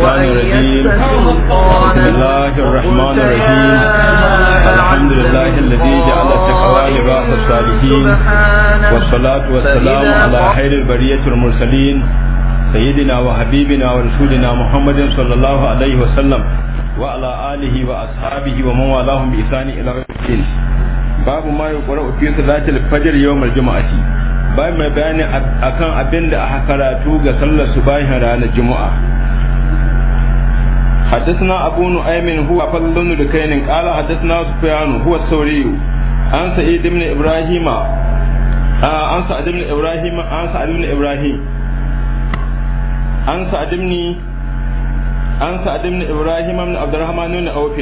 الشيطان الرجيم بسم الله الرحمن الرحيم الحمد لله الذي جعل التقوى لباس الصالحين والصلاة والسلام على خير البرية المرسلين سيدنا وحبيبنا ورسولنا محمد صلى الله عليه وسلم وعلى آله وأصحابه ومن والاهم بإحسان إلى يوم الدين باب ما يقرأ في صلاة الفجر يوم الجمعة bayan mai bayani akan abin da aka karatu ga sallar subahin ranar juma'a حدثنا أبو نعيم هو فضل ركين قال حدثنا سفيان هو الثوري عن سعيد بن إبراهيم عن سعد بن إبراهيم عن سعد بن إبراهيم عن سعد بن عن سعد بن إبراهيم بن عبد الرحمن بن أوف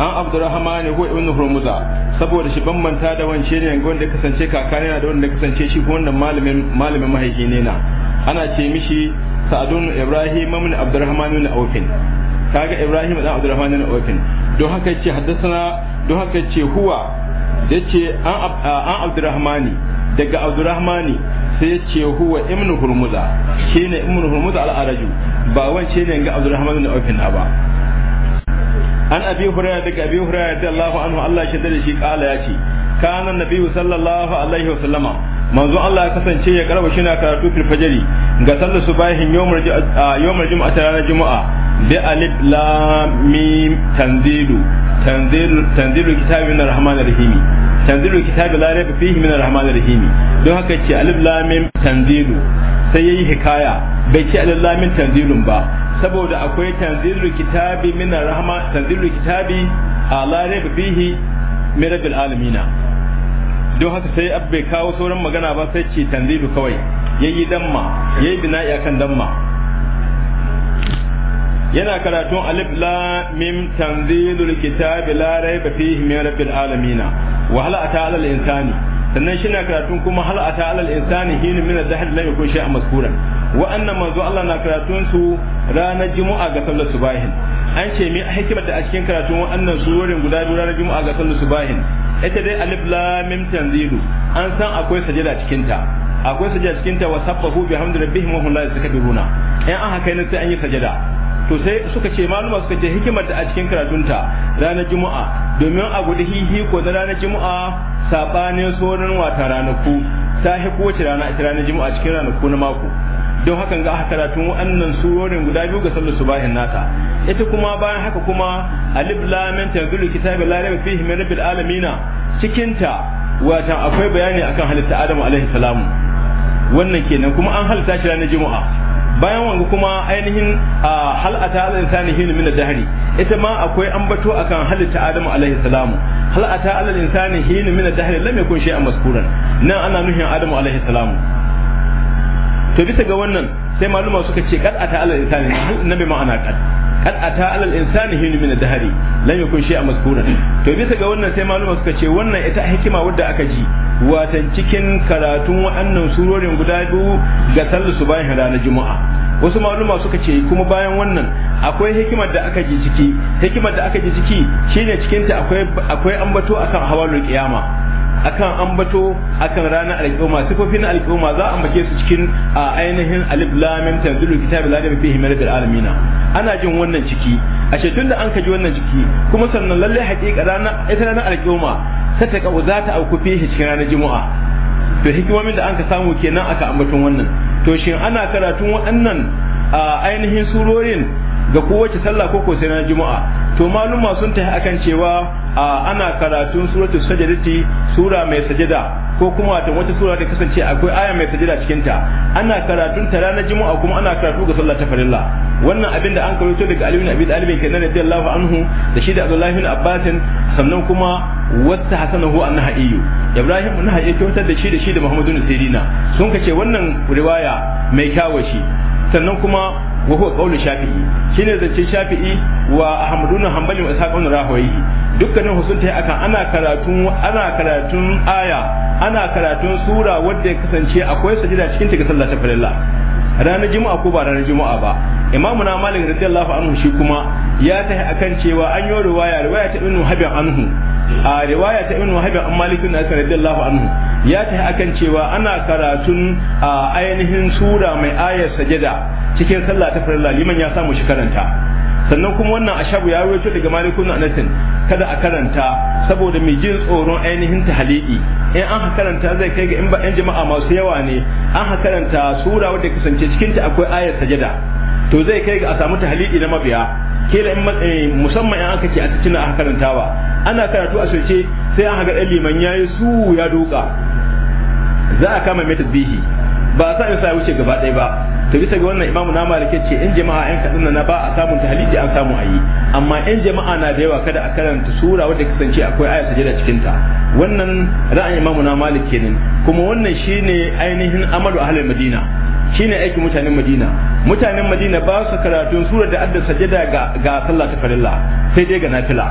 عن عبد الرحمن هو ابن هرمزة saboda shi bambanta da wance ne wanda ya kasance kakana da wanda ya kasance shi ko wannan malamin malamin mahaifi ne na ana ce mishi sa'adun ibrahim ibn abdurrahman ibn aufin kaga ibrahim dan abdurrahman ibn awfin don haka yace haddathana don haka yace huwa yace an an daga abdurrahman sai yace huwa ibn hurmuza shine ibn hurmuza al-araju ba wance ne ga abdurrahman ibn awfin ba an abi hurairah daga abi hurairah radiyallahu anhu Allah ya shaddada shi kala yace kana nabiyyu sallallahu alaihi wasallama manzo Allah ya kasance ya karba shi na karatu fil fajri ga sallar subahin yawmul yawmul jumu'a ranar juma'a بألف لام ميم تنزيل تنزيل تنزيل الكتاب من الرحمن الرحيم تنزيل الكتاب kitabi ريب فيه من الرحمن الرحيم rahim don haka ce لام ميم تنزيل tanzilu sai yayi hikaya bai ce alif lam ba saboda akwai tanzilu kitabi min rahma kitabi fihi min rabbil alamina don haka sai abbe kawo sauran magana ba sai ce tanzilu kawai yayi damma yayi bina'i akan damma yana karatun alif la mim tanzilul kitabi la raiba fihi min rabbil alamin wa hal ata al insani sannan na karatun kuma hal ata al insani hin min zahir la yakun shay'an mazkuran wa anna manzo Allah na karatun su ranar juma'a ga sallar subahin an ce me hikimar da a cikin karatun wannan surorin guda biyu ranar juma'a ga sallar subahin ita dai alif la mim tanzilu an san akwai sajada cikin ta akwai sajada cikin ta wa sabbahu bihamdi rabbihim wa hum la yastakbiruna in an haka ne sai an yi sajada to sai suka ce maluma suka ce hikimar da a cikin karatunta ranar juma'a domin a gudu hihi ko na ranar juma'a sabanin sauran wata ranaku ta hi kowace ranar juma'a cikin ranaku na mako don hakan ga aka karatun wa'annan surorin guda biyu ga sallar subahin nata ita kuma bayan haka kuma alif lamin min tanzilu kitabi la rayba fihi min rabbil alamina cikin ta wata akwai bayani akan halitta adamu alaihi salam wannan kenan kuma an halitta shi ranar juma'a bayan wanga kuma ainihin hal'ata ala insani hin min dahri ita ma akwai ambato akan halitta adamu alaihi salamu hal'ata ala insani hin min dahri lam yakun shay'an maskuran nan ana nuhin adamu alaihi salamu to bisa ga wannan sai maluma suka ce ata ala insani nan ma ma'ana qad kad ata alal insani hin min dahari ya yakun shay'a mazkuran to bisa ga wannan sai maluma suka ce wannan ita hikima wadda aka ji watan cikin karatun wa'annan surorin guda biyu ga sallar su bayan ranar juma'a wasu maluma suka ce kuma bayan wannan akwai hikimar da aka ji ciki hikimar da aka ji ciki shine ta akwai akwai ambato akan hawalul qiyama akan ambato akan ranar al'umma sifofin al'umma za a ambace su cikin ainihin alif lam mim tanzilu kitabi la fi himal alamina ana jin wannan ciki a ashe tunda an kaji wannan ciki kuma sannan lalle haƙiƙa rana ita ranar al'umma ta ta taka za ta auku fihi cikin ranar juma'a to hikimomin da an ka samu kenan aka ambaton wannan to shin ana karatun waɗannan ainihin surorin ga kowace sallah ko ko sai na juma'a to maluma sun tafi akan cewa ana karatun suratul sajadati sura mai sajada ko kuma ta wata sura da kasance akwai aya mai sajada cikin ta ana karatun ta ranar juma'a kuma ana karatu ga sallah ta farilla wannan abin da an karanto daga Ali ibn Abi Talib kenan Allahu anhu da shi da Abdullah ibn Abbas sannan kuma wata hasanahu annahaiyu Ibrahim ta kyautar da shi da shi da Muhammadu Sirina sun kace wannan riwaya mai kyawashi sannan kuma wa huwa qawlu shafi'i shine zance shafi'i wa ahmadun hanbali wa ishaq rahoyi dukkanin husunta akan ana karatun ana karatun aya ana karatun sura wadda ya kasance akwai sajida cikin ta sallah ta falalla ranar juma'a ko ba ranar juma'a ba imamu na malik radiyallahu anhu shi kuma ya tafi akan cewa an yi riwaya riwaya ta ibnu habib anhu a riwaya ta ibnu habib an malik na radiyallahu anhu ya ta akan cewa ana karatun a ainihin sura mai ayar sajada cikin sallah ta farilla liman ya samu shi karanta sannan kuma wannan ashabu ya rawaito daga malikun anatin kada a karanta saboda mai jin tsoron ainihin tahaliki in an karanta zai kai ga in ba jama'a masu yawa ne an karanta sura wadda kasance cikinta akwai ayar sajada to zai kai ga a samu tahaliki na mabiya ke in eh, musamman in aka ce a cikin aka karantawa ana karatu a soce sai an haga dan liman yayi su ya doka za a kama mai bihi ba sa in sa wuce gaba ɗaya ba to bisa ga wannan imamu na malik ce in jama'a yan kadan na ba a samun tahliji an samu ayi amma in jama'a na da yawa kada a karanta sura wadda kasance akwai aya da cikin ta wannan ra'ayin imamu na malik kenan kuma wannan shine ainihin amalu ahlul madina shine aikin mutanen madina mutanen madina ba su karatu surar da adda sajada ga ga sallah ta farilla sai dai ga nafila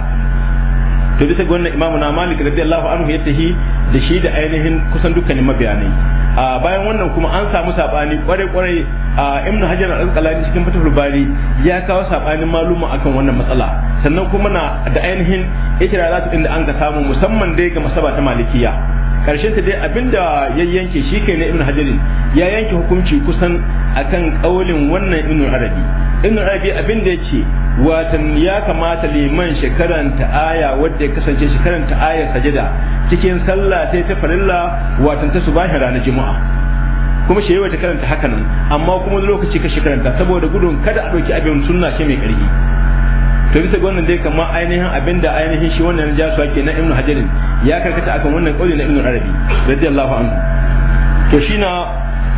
to bisa ga wannan imamu na malik radiyallahu anhu ya tahi da shi da ainihin kusan dukkanin mabiyanai a bayan wannan kuma an samu sabani kwarai kwarai a Ibn hajar al-asqalani cikin fatahul bari ya kawo sabanin maluma akan wannan matsala sannan kuma na da ainihin ikrarat inda da an ga samu musamman dai ga masaba ta malikiya karshen ta dai abinda ya yanke shi kai na ibn hajarin ya yanke hukunci kusan akan kaulin wannan ibn arabi ibn arabi abinda ya ce watan ya kamata liman shekaran ta aya wadda ya kasance shekaran ta aya sajada cikin sallah sai ta farilla watan ta subahi ranar juma'a kuma shi ta karanta haka amma kuma lokaci ka karanta saboda gudun kada a ɗauki abin sunna shi mai ƙarfi to bisa wannan dai kamar ainihin abinda ainihin shi wannan jasuwa ke na ibnu hajarin ya karkata akan wannan kauli na ibnu arabi radiyallahu anhu to shi na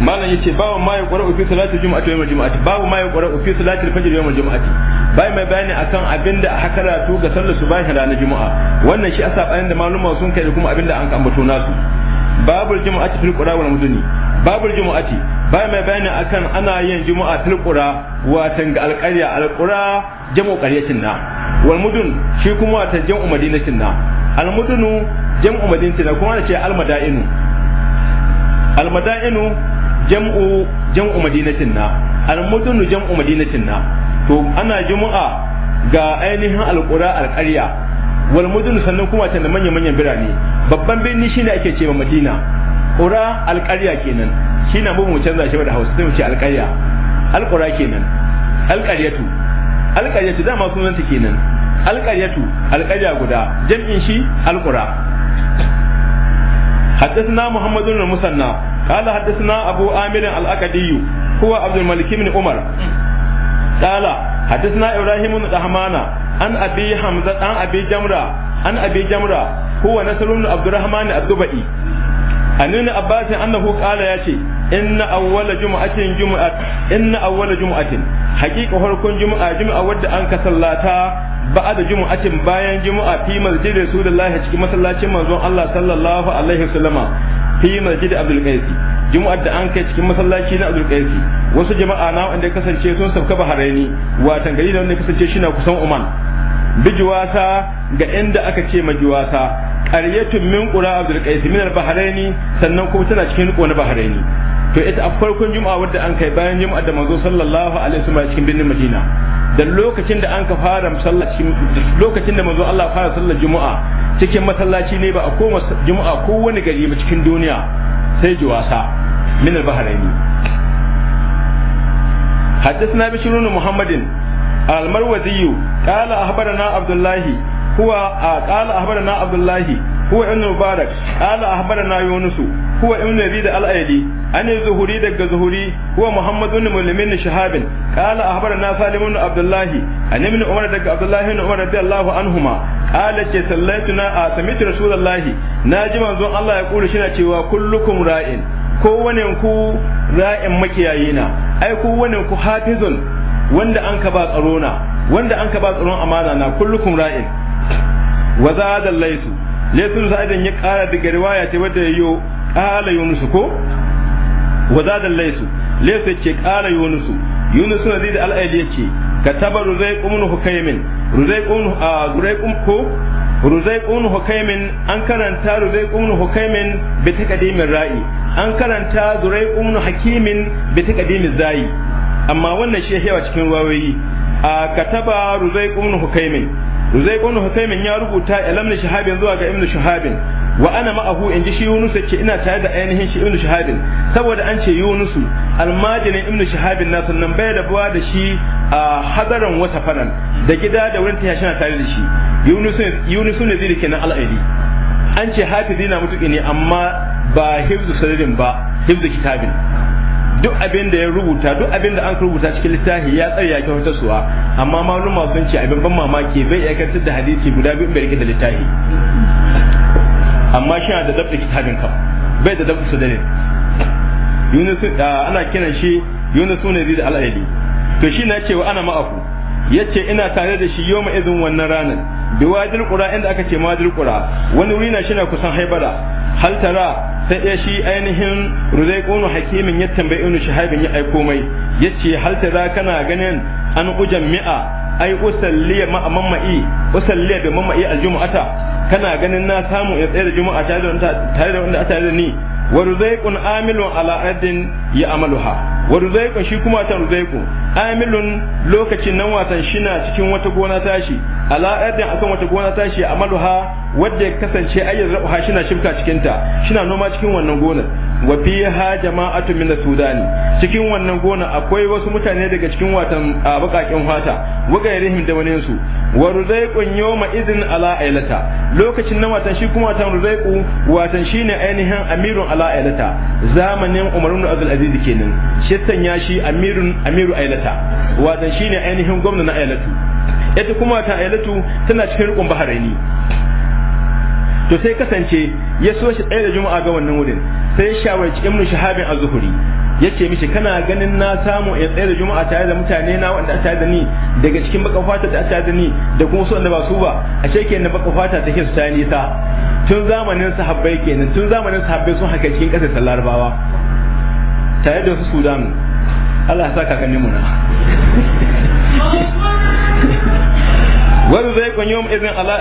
malam ce babu ma ya qara'u salatu juma'a jumu'ati yawm juma'a babu ma ya qara'u ofi salati al-fajr yawm jumu'ati bai mai bayani akan abinda aka karatu ga sallar subahi ranar juma'a wannan shi asa bayan da malumma sun kai da kuma abinda an kambato nasu babu juma'a fil qura wal muduni babul jumu'ati bai mai bayani akan ana yin jumu'a fil qura watan ga alqarya alqura jam'u qaryatin na wal mudun shi kuma watan jam'u madinatin na al mudunu jam'u madinatin na kuma ce al madainu al madainu jam'u jam'u madinatin na al mudunu jam'u madinatin na to ana jumu'a ga ainihin alqura alqarya wal mudun sannan kuma ta manyan manyan birane babban birni shine ake cewa madina ƙura alƙarya kenan shi na mu canza shi da hausa sai mu ce alƙarya alƙura kenan alƙaryatu alƙaryatu dama sunanta kenan alƙaryatu alƙarya guda jam'in shi alƙura حدثنا محمد بن المثنى قال حدثنا أبو عامر الأكدي هو عبد الملك بن عمر قال حدثنا إبراهيم بن الرحمن عن أبي حمزة عن أبي جمرة عن أبي جمرة هو نصر بن عبد الرحمن الدبئي an ibn abbas annahu qala yace inna awwala jumu'atin jumu'at inna awwala jumu'atin haqiqa farkon jumu'a jumu'a wadda an ka sallata ba'da jumu'atin bayan jumu'a fi masjid rasulullahi cikin masallacin manzon Allah sallallahu alaihi wasallama fi masjid abdul qais jumu'ar da an kai cikin masallaci na Abdul Qais wasu jama'a na wanda ya kasance sun sauka Bahraini watan gari da wanda ya kasance shi na kusan Oman bijuwasa ga inda aka ce majuwasa qaryatun min qura abdul qais min al bahraini sannan kuma tana cikin riko na bahraini to ita a farkon juma'a wadda an kai bayan juma'a da manzo sallallahu alaihi wasallam cikin birnin madina da lokacin da an ka fara lokacin da manzo Allah fara sallar juma'a cikin masallaci ne ba a koma juma'a ko wani gari ba cikin duniya sai juwasa min al bahraini حدثنا بشر محمد المروزي قال أخبرنا عبد الله هو قال أخبرنا عبد الله هو ابن مبارك قال أخبرنا يونس هو ابن يزيد الأيدي عن الزهري دق زهري هو محمد بن مسلم شهاب قال أخبرنا سالم بن عبد الله عن ابن عمر دق عبد الله بن عمر رضي الله عنهما قال كي صليتنا سمعت رسول الله ناجي منزون الله يقول شنا cewa kullukum ra'in kowane ku ra'in makiyayi na ai kowane ku hafizun wanda an ka ba tsaro na wanda an ka ba tsaron amana na kullukum ra'in wa zada laysu laysu sa'idan ya kara daga riwaya ta wadda yayo qala yunus ko wa zada laysu laysu ce qala yunus yunus na zai da al'ayyar ya ce ka taba ruzaiqun hukaimin kumun a kum ko kumun hukaimin an karanta kumun hukaimin bi taqdimin ra'i an karanta kumun hakimin bi taqdimin zai amma wannan shi yawa cikin wawayi a kataba kumun hukaimin zai ibn husaymin ya rubuta ilam shahabin zuwa ga ibn shahabin wa ana ma'ahu in ji shi yunus yace ina tare da ainihin shi ibn shahabin saboda an ce yunus almajinin ibn shahabin na sannan bai da buwa da shi a hadaran wata fanan da gida da wurin tashi na tare da shi yunus yunus ne zai kenan al'adi an ce hafizi na mutuki ne amma ba hifzu sirrin ba hifzu kitabin duk abin da ya rubuta duk abin da an rubuta cikin littafi ya tsare ya kyautar suwa amma maluma sun ce abin ban mamaki bai aikantar da hadisi guda biyu bai rike da littafi amma shi da dabda kitabin kam bai da dabda sadare Yunus ana kiran shi Yunus ne zai da al'adi to shi na cewa ana ma'afu yace ina tare da shi yau izin wannan ranar biwadil kura inda aka ce madil kura wani wuri na shi na kusan haibara hal tara sai ɗaya shi ainihin ruzai ƙonu hakimin ya tambayi inu shahabin ya aiko mai ya ce halta za kana ganin an ujan mi'a ai usalliya ma'a mamma'i usalliya da mamma'i aljumu'ata kana ganin na samu ya tsaye da juma'a tare da wanda a tare da ni wa ruzaikun amilun ala adin ya amaluha wa ruzaiqa shi kuma ta ruzaiqu amilun lokacin nan watan shina cikin wata gona tashi ala adin akan wata gona tashi amaluha wadda ya kasance ayyar shi shina shifka cikin ta shina noma cikin wannan gonar wa fiha jama'atu min sudan cikin wannan gona akwai wasu mutane daga cikin watan bakakin fata wagairihim da wani su wa ruzaiqun yawma idin ala ailata lokacin nan watan shi kuma watan ruzaiqu watan shine ainihin amirun ala ailata zamanin umar ibn abdul aziz kenan shi sanya shi amirun amiru ailata watan shine ainihin gwamnatin ailatu ita kuma ta ailatu tana cikin rukun baharaini to sai kasance ya so shi tsaye da juma'a ga wannan wurin sai ya shawarci ibnu shahabin az-zuhri yace mishi kana ganin na samu ya tsaye da juma'a tare da mutane na wanda tare da ni daga cikin baka fata da tare da ni da kuma su wanda ba su ba ashe kenan baka fata ke su ta nisa tun zamanin sahabbai kenan tun zamanin sahabbai sun haka cikin kasar sallarbawa tare da su sudan Allah ya ka kakanni muna wani zai kwanyo ma izin ala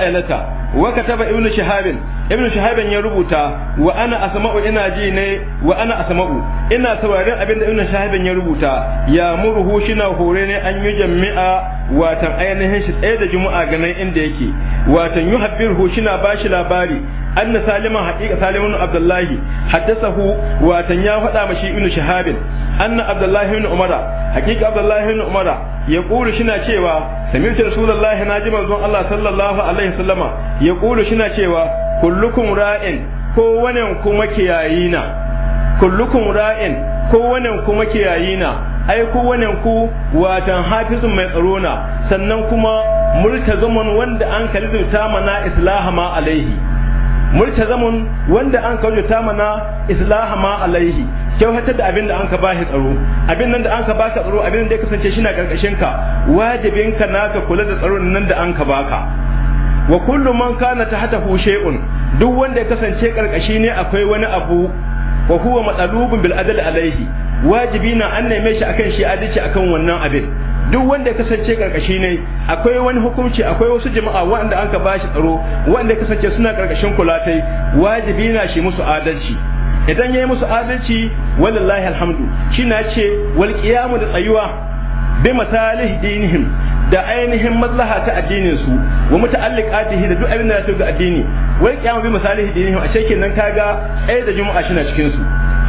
wa kataba ibnu shihab ibnu shihab ya rubuta wa ana asma'u ina ji ne wa ana asma'u ina sauraron abinda ibn shihab ya rubuta ya murhu shina hore ne an yi jami'a watan ainihin shi tsaye da juma'a nan inda yake watan yuhabbirhu shina bashi labari anna saliman haqiqa salimun abdullahi haddathahu wa tan ya fada mashi ibn shahabin anna abdullahi ibn umara haqiqa abdullahi ibn umara ya kulu shina cewa sami'tu rasulullahi naji manzon Allah sallallahu alaihi wasallama ya kulu shina cewa kullukum ra'in ko kuma kiyayina kullukum ra'in wannan ai ku ku watan hafizun mai tsaro na sannan kuma murtazumun wanda an kalizurta mana islaha ma alaihi multazamun wanda an kawo ta mana islaha ma alaihi kyautar da abin da an ka bashi tsaro abin nan da an ka baka tsaro abin da ya kasance shi na karkashin ka wajibin ka ka kula da tsaron nan da an ka baka wa kullu man kana hata shay'un duk wanda ya kasance karkashi ne akwai wani abu wa huwa matsalubun bil alaihi wajibi na an neme shi akan shi adalci akan wannan abin duk wanda ya kasance karkashi ne akwai wani hukunci akwai wasu jama'a waɗanda an ka bashi tsaro waɗanda ya kasance suna karkashin kulatai wajibi na shi musu adalci idan ya yi musu adalci wallahi alhamdu shi na ce wal da tsayuwa bi masalih dinihim da ainihin maslaha ta addinin su wa muta'alliqatihi da duk abin da ya ga addini wai kiyama bi misalihi dinihim a cikin nan kaga ai da juma'a shi na cikin su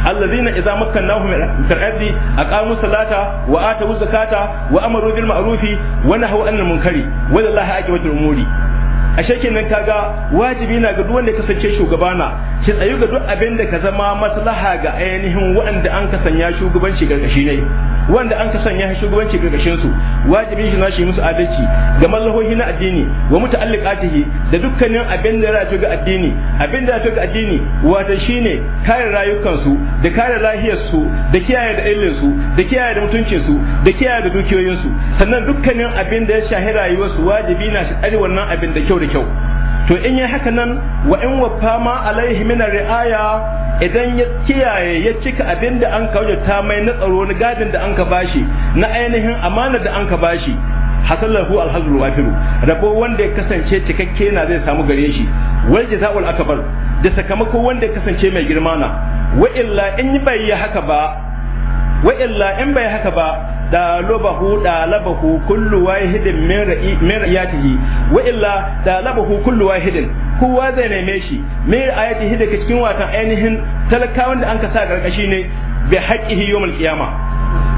alladhina idza makkannahu min al a aqamu salata wa atawu zakata wa amaru bil ma'rufi wa nahawu anil munkari wa lillahi aqibatu umuri ashe kenan kaga wajibi na ga duk wanda kasance shugaba na ki tsayu ga duk abin da ka zama maslaha ga ainihin wanda an sanya shugabanci gargashi ne wanda an sanya shugabanci gargashin su wajibi shi na shi musu adalci ga mallahohi na addini wa muta'alliqatihi da dukkanin abin da ya ga addini abin da ya ga addini wato shine kare rayukan su da kare lafiyar su da kiyaye da ilmin su da kiyaye da mutuncin su da kiyaye da dukiyoyin su sannan dukkanin abin da ya shahi rayuwar su wajibi na shi tsare wannan abin da kyau da kyau to in yi haka nan wa in wafa ma alaihi min ri'aya idan ya kiyaye ya cika abinda da an kaujata mai na tsaro na gadin da an ka bashi na ainihin amanar da an ka bashi hasallahu wa wafiru rabo wanda ya kasance cikakke na zai samu gare shi wal jazaul akbar da sakamako wanda ya kasance mai girma na wa illa in bai haka ba wa illa in bai haka ba dalabahu dalabahu kullu wahidin min ra'iyatihi wa illa dalabahu kullu wahidin kowa zai neme shi min ra'ayatihi daga cikin watan ainihin talakawan da an ka sa karkashi ne bi haqqihi yawmal qiyamah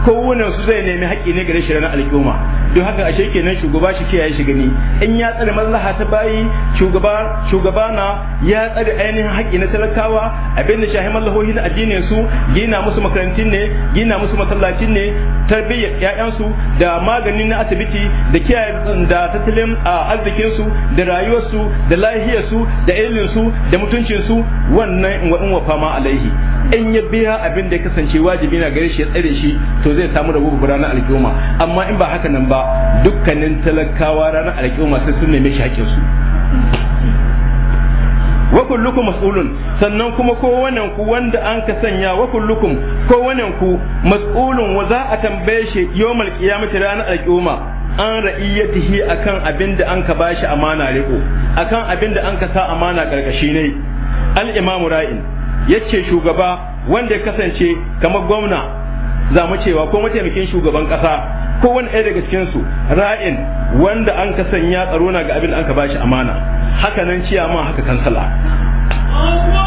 kowane su zai nemi haƙƙi ne gare shi ranar al'umma don haka ashe kenan shugaba shi kiyaye shi gani in ya tsare mallaha ta bayi shugaba shugaba na ya tsare ainihin haƙƙi na talakawa abin da shahi mallahohi na addinin su gina musu makarantun ne gina musu masallacin ne tarbiyyar ƴaƴansu da magani na asibiti da kiyaye da tattalin arzikin su da rayuwar su da lahiyar su da ilmin su da mutuncin su wannan in wa fama alaihi in ya biya abin da ya kasance wajibi na gare shi ya tsare shi to zai samu da babba ranar alƙiyoma amma in ba haka nan ba dukkanin talakawa ranar alƙiyoma sai sun neme shi haƙƙinsu wa kullukum mas'ulun sannan kuma ko wannan ku wanda an ka sanya wa kullukum ko wannan ku mas'ulun wa za a tambaye shi yawmal qiyamati ranar alƙiyoma an ra'iyatihi akan abinda da an ka bashi amana riko akan abinda da an ka sa amana karkashi ne al imamu ra'in yace shugaba wanda ya kasance kamar gwamna za mu cewa ko mataimakin shugaban kasa ko wani ɗaya daga cikin su ra'in wanda an ka sanya tsaro na ga abin da an ka bashi amana haka nan ma haka kansala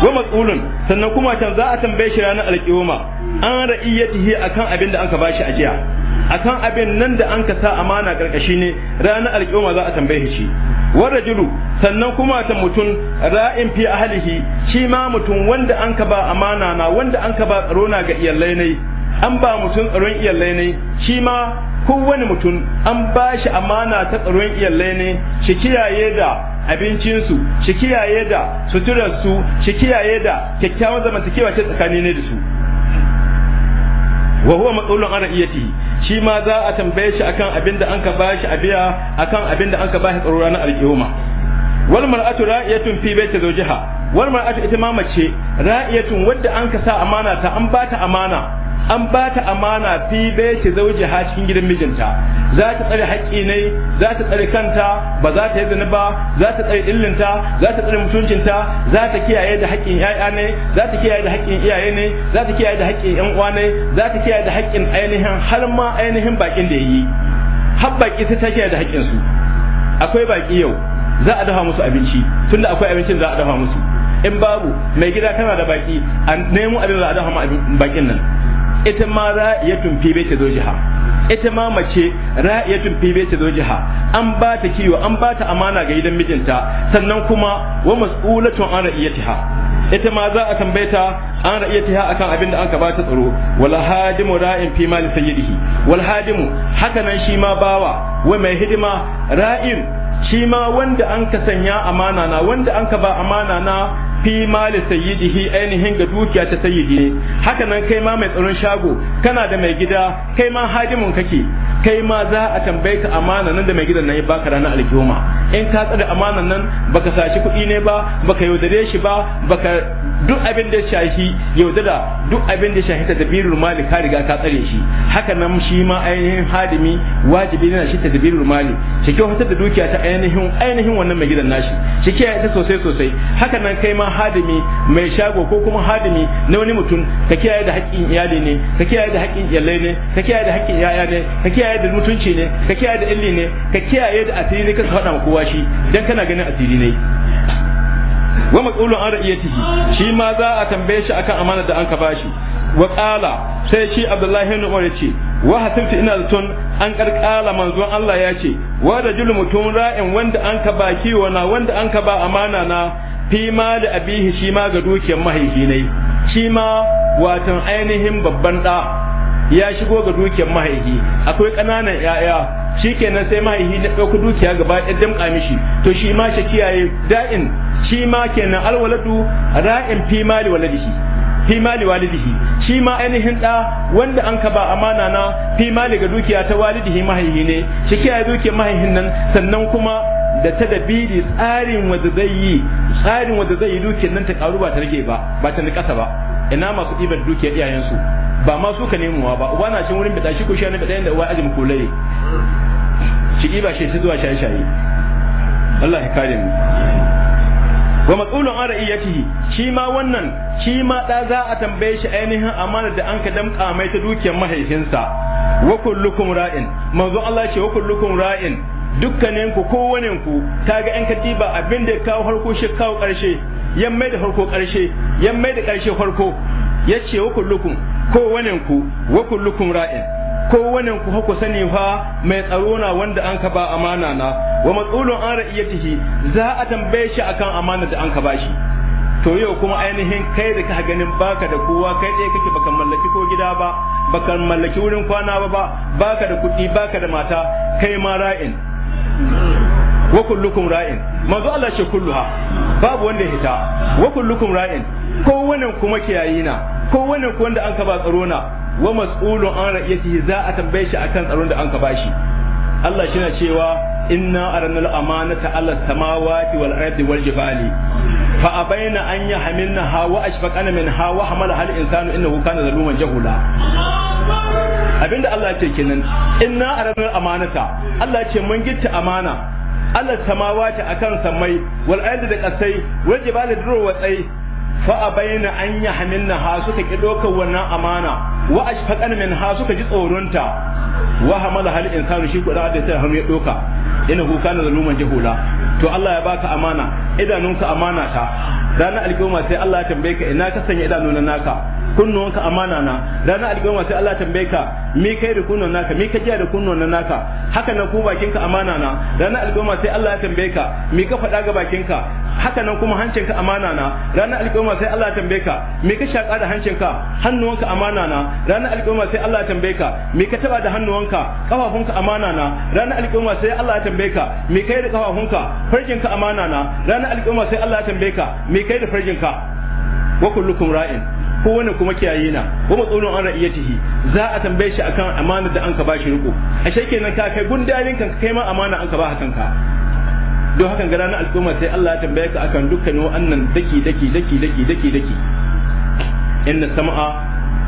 wa matsulun sannan kuma can za a tambaye shi ranar alƙiyoma an ra'iyyatihi akan abin da an ka bashi ajiya akan abin nan da an ka sa amana karkashi ne ranar alƙiyoma za a tambaye shi wa rajulu sannan kuma ta mutum ra'in fi ahlihi shi ma mutum wanda an ka ba amana na wanda an ka ba tsaro na ga iyalai ne an ba mutum tsaron iyalai ne shi ma kowane mutum an ba shi amana ta tsaron iyalai ne shi kiyaye da abincinsu shi kiyaye da suturarsu shi kiyaye da kyakkyawan zamantakewa ta tsakani ne da su wa huwa matsalolin shi ma za a tambaye shi akan abin da anka ba shi a biya akan abin da anka ba shi tsaro ranar alkiyoma wal mar'atu ra'iyatun fi baiti zawjiha wal mar'atu ita ma mace ra'iyatun wadda anka sa amana ta an ba ta amana an ba ta amana fi bai ce zauje ha cikin gidan mijinta za ta tsare haƙƙi ne za ta tsare kanta ba za ta yi zina ba za ta tsare illinta za ta tsare mutuncinta za ta kiyaye da haƙƙin ƴaƴa ne za ta kiyaye da haƙƙin iyaye ne za ta kiyaye da haƙƙin ƴan uwa ne za ta kiyaye da haƙƙin ainihin har ma ainihin baƙin da yi har baƙi sai ta kiyaye da haƙƙin su akwai baƙi yau za a dafa musu abinci tunda akwai abincin za a dafa musu in babu mai gida tana da baki a nemo abin za a dafa ma bakin nan ita ma ra'ayatun ta zo jiha ita ma mace ra'ayatun ta zo jiha an ba ta kiyo an ba ta amana ga gidan mijinta sannan kuma wa mas'ulatun an ra'ayatiha ita ma za a tambaye ta an ra'ayatiha akan abin da aka ba ta tsaro wal hadimu ra'in fi mali sayyidihi wal hadimu haka nan shi ma bawa wa mai hidima ra'in shi ma wanda an ka sanya amana na wanda an ka ba amana na fi mali sayyidihi ainihin ga dukiya ta sayyidi ne haka nan kai ma mai tsaron shago kana da mai gida kai ma hadimin kake kai ma za a tambaye ka amana nan da mai gidan nan ya baka ranar alkiyoma in ka tsare amana nan baka sashi kuɗi ne ba baka yaudare shi ba baka duk abin da shahi yaudara duk abin da shahi tadbirul mali ka riga ka tsare shi haka nan shi ma ainihin hadimi wajibi ne shi tadbirul mali shi da dukiya ta ainihin ainihin wannan mai gidan nashi shi ke ta sosai sosai haka nan kai ma hadimi mai shago ko kuma hadimi na wani mutum ka kiyaye da haƙƙin iyali ne ka kiyaye da haƙƙin iyalai ne ka kiyaye da haƙƙin yaya ne ka kiyaye da mutunci ne ka kiyaye da illi ne ka kiyaye da asiri ne ka faɗa ma kowa shi dan kana ganin asiri ne wa maqulun an ra'iyatihi shi ma za a tambaye shi akan amana da an ka bashi wa qala sai shi abdullahi ibn umar yace wa hasibtu ina zaton an karkala manzon Allah ya ce wa rajul mutum ra'in wanda an ka baki kiwo na wanda an ka ba amana na fi ma da abihi shi ma ga dukiyar mahaifi ne shi ma watan ainihin babban da ya shigo ga dukiyar mahaifi akwai ƙananan 'ya'ya shikenan sai mahaihi na ɗauki dukiya gaba ɗaya dan mishi to shi ma shi kiyaye da'in shi ma kenan alwaladu ra'in fi mali waladihi fi mali walidihi shi ma ainihin da wanda an ka ba amana na fi mali ga dukiya ta walidihi mahihi ne shi kiyaye dukiyar mahihin nan sannan kuma da ta dabiri tsarin wanda zai yi tsarin wanda zai yi dukiyar nan ta karu ba ta rage ba ba ta nikasa ba ina masu ɗibar dukiyar iyayensu ba ma su ka nemowa ba uba na cin wurin bida shi ko shi ne bida yanda uwa ajin kulai shi ba shi ta zuwa shaye-shaye Allah ya kare mu wa matsulun an ra'iyatihi shi ma wannan shi ma da za a tambaye shi ainihin amana da an ka damƙa mai ta dukiyar mahaifinsa wa kullukum ra'in manzo Allah ce wa kullukum ra'in dukkanin ku kowannen ku ga an ka diba abin da ya kawo harko shi kawo karshe yan mai da harko karshe yan mai da karshe harko yace wa kullukum kowannen ku wa kullukum ra'in kowannen ku haku sani fa mai tsaro na wanda an ka ba amana na wa matsulun an ra'iyatihi za a tambaye shi akan amana da an ka bashi to yau kuma ainihin kai da ka ganin baka da kowa kai ɗaya kake baka mallaki ko gida ba baka mallaki wurin kwana ba ba baka da kuɗi baka da mata kai ma ra'in wa kullukum ra'in manzo Allah shi kulluha babu wanda ya hita wa kullukum ra'in ko wannan kuma kiyayina na ko wannan wanda an ka ba tsaro na wa mas'ulun an ra'iyatihi za a tambaye shi akan tsaron da an ka bashi Allah shi na cewa inna aranal amanata ala samawati wal ardi wal jibali fa abaina an yahmilna ha wa ashfaqana min ha wa hamala hal insanu innahu kana zaluman jahula abinda Allah ce kenan inna aranal amanata Allah ce mun gitta amana Allah samawati akan samai wal ardi da kasai wal jibali duro watsai. Fa'a abaina an yi na ha suka ki dokar wannan amana wa ashfaqan min ha suka ji tsoronta wa hamala in sanu shi kuda da sai hamu ya doka ina ku kana zaluman jahula to Allah ya baka amana idanunka amana ta ranar alƙiyama sai Allah ya tambaye ka ina ka sanya idanun naka kunnuwanka amana na ranar alƙiyama sai Allah tambaye ka me kai da kunnuwan naka me ka jiya da kunnuwan naka haka nan bakin ka amana na ranar alƙiyama sai Allah ya tambaye ka me ka faɗa ga bakin ka haka nan kuma hancinka amana na ranar alƙiyama sai Allah ya tambaye ka me ka shaƙa da hancinka hannuwanka amana na ranar alƙiyama sai Allah ya tambaye ka me ka taba da hannuwanka kafafunka amana na ranar alƙiyama sai Allah ya tambaye ka me kai da kafafunka farjinka amana na ranar alƙiyama sai Allah ya tambaye ka me kai da farjinka wa kullukum ra'in ko wannan kuma kiyaye na wa matsalolin an ra'iyatihi za a tambaye shi akan amanar da an ka bashi riko ashe nan ka kai gundarin kan kai ma amana an ka ba hakan ka don hakan ga ranar al'umma sai Allah ya tambaye ka akan dukkanin wannan daki daki daki daki daki daki inna sam'a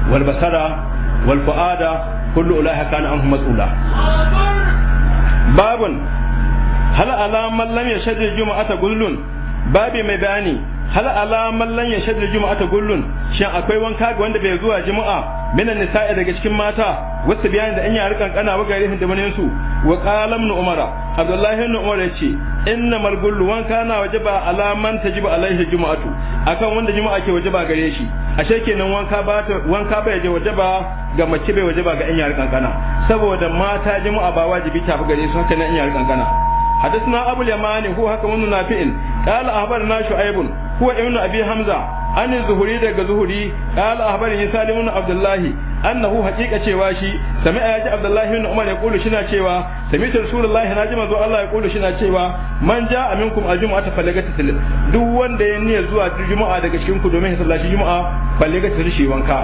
wal basara wal fu'ada kullu ulaiha kana anhu mas'ula babun hal alama lam yashhadu jumu'ata gullun babi mai bayani hal alaman lan ya shaddar juma'a ta gullun shin akwai wanka ga wanda bai zuwa juma'a minan nisa'i daga cikin mata wasu bayani da anya yi harkan kana wa gari da manin su wa qalam nu umara abdullahi nu umar yace mal gullu wanka na wajaba alaman tajibu alaihi juma'atu akan wanda juma'a ke wajiba gare shi ashe kenan wanka ba wanka bai je wajiba ga mace bai wajiba ga anya yi harkan kana saboda mata juma'a ba wajibi ta gare su haka ne anya yi harkan kana حدثنا أبو اليمان هو حكم بن نافع قال أخبرنا شعيب هو ابن أبي حمزة عن الزهري دغ زهري قال أخبرني سالم بن عبد الله annahu haqiqa cewa shi sami ya ji abdullahi bin umar ya kulu shina cewa sami ta na ji manzo Allah ya kulu shina cewa man ja aminkum aljum'ata falagata til duk wanda ya niyar zuwa juma'a daga cikin ku domin sallaci juma'a falagata shi wanka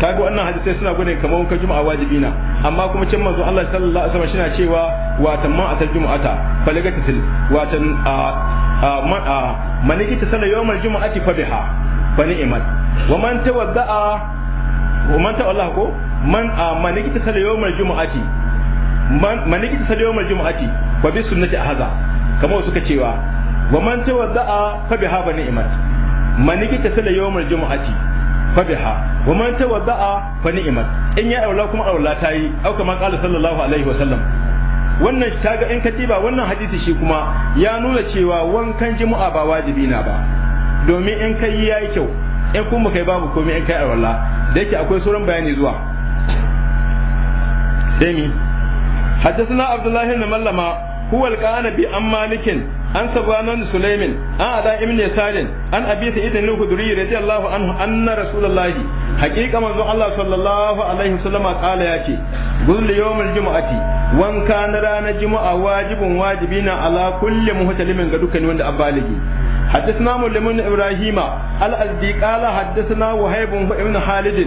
kaga wannan hadisai suna gune kamar wankan juma'a wajibi na amma kuma can manzo Allah sallallahu alaihi wasallam shina cewa wa tamma atal juma'ata falagatil wa tan man a ita sallar yawmal juma'ati fa biha fa ni'mat wa man tawadda'a wa man tawalla ko man a man ita sallar yawmal juma'ati man ita sallar yawmal juma'ati fa bi sunnati hadha kamar suka cewa wa man tawadda'a fa biha fa ni'mat man ita sallar yawmal juma'ati fabiha wa man tawadda'a fa ni'mat in ya aula kuma aula ta yi au kamar qala sallallahu alaihi wa sallam wannan ta ga in katiba wannan hadisi shi kuma ya nuna cewa wankan jumu'a ba wajibi na ba domin in kai yayi kyau in kuma kai babu komai in kai aula da yake akwai sauran bayani zuwa sai ni حدثنا عبد الله بن ملما huwa alqana bi ammalikin an sabanan sulaimin an ada ibn yasarin an abi sa'id ibn khudri radiyallahu anhu anna rasulullahi haqiqa manzo Allah sallallahu alaihi wasallama qala yace gul yawmul jumu'ati wanka na ranar jumu'a wajibun wajibina ala kulli muhtalimin ga dukkan wanda abbaligi حدثنا مولى ابراهيم الازدي قال حدثنا وهيب بن خالد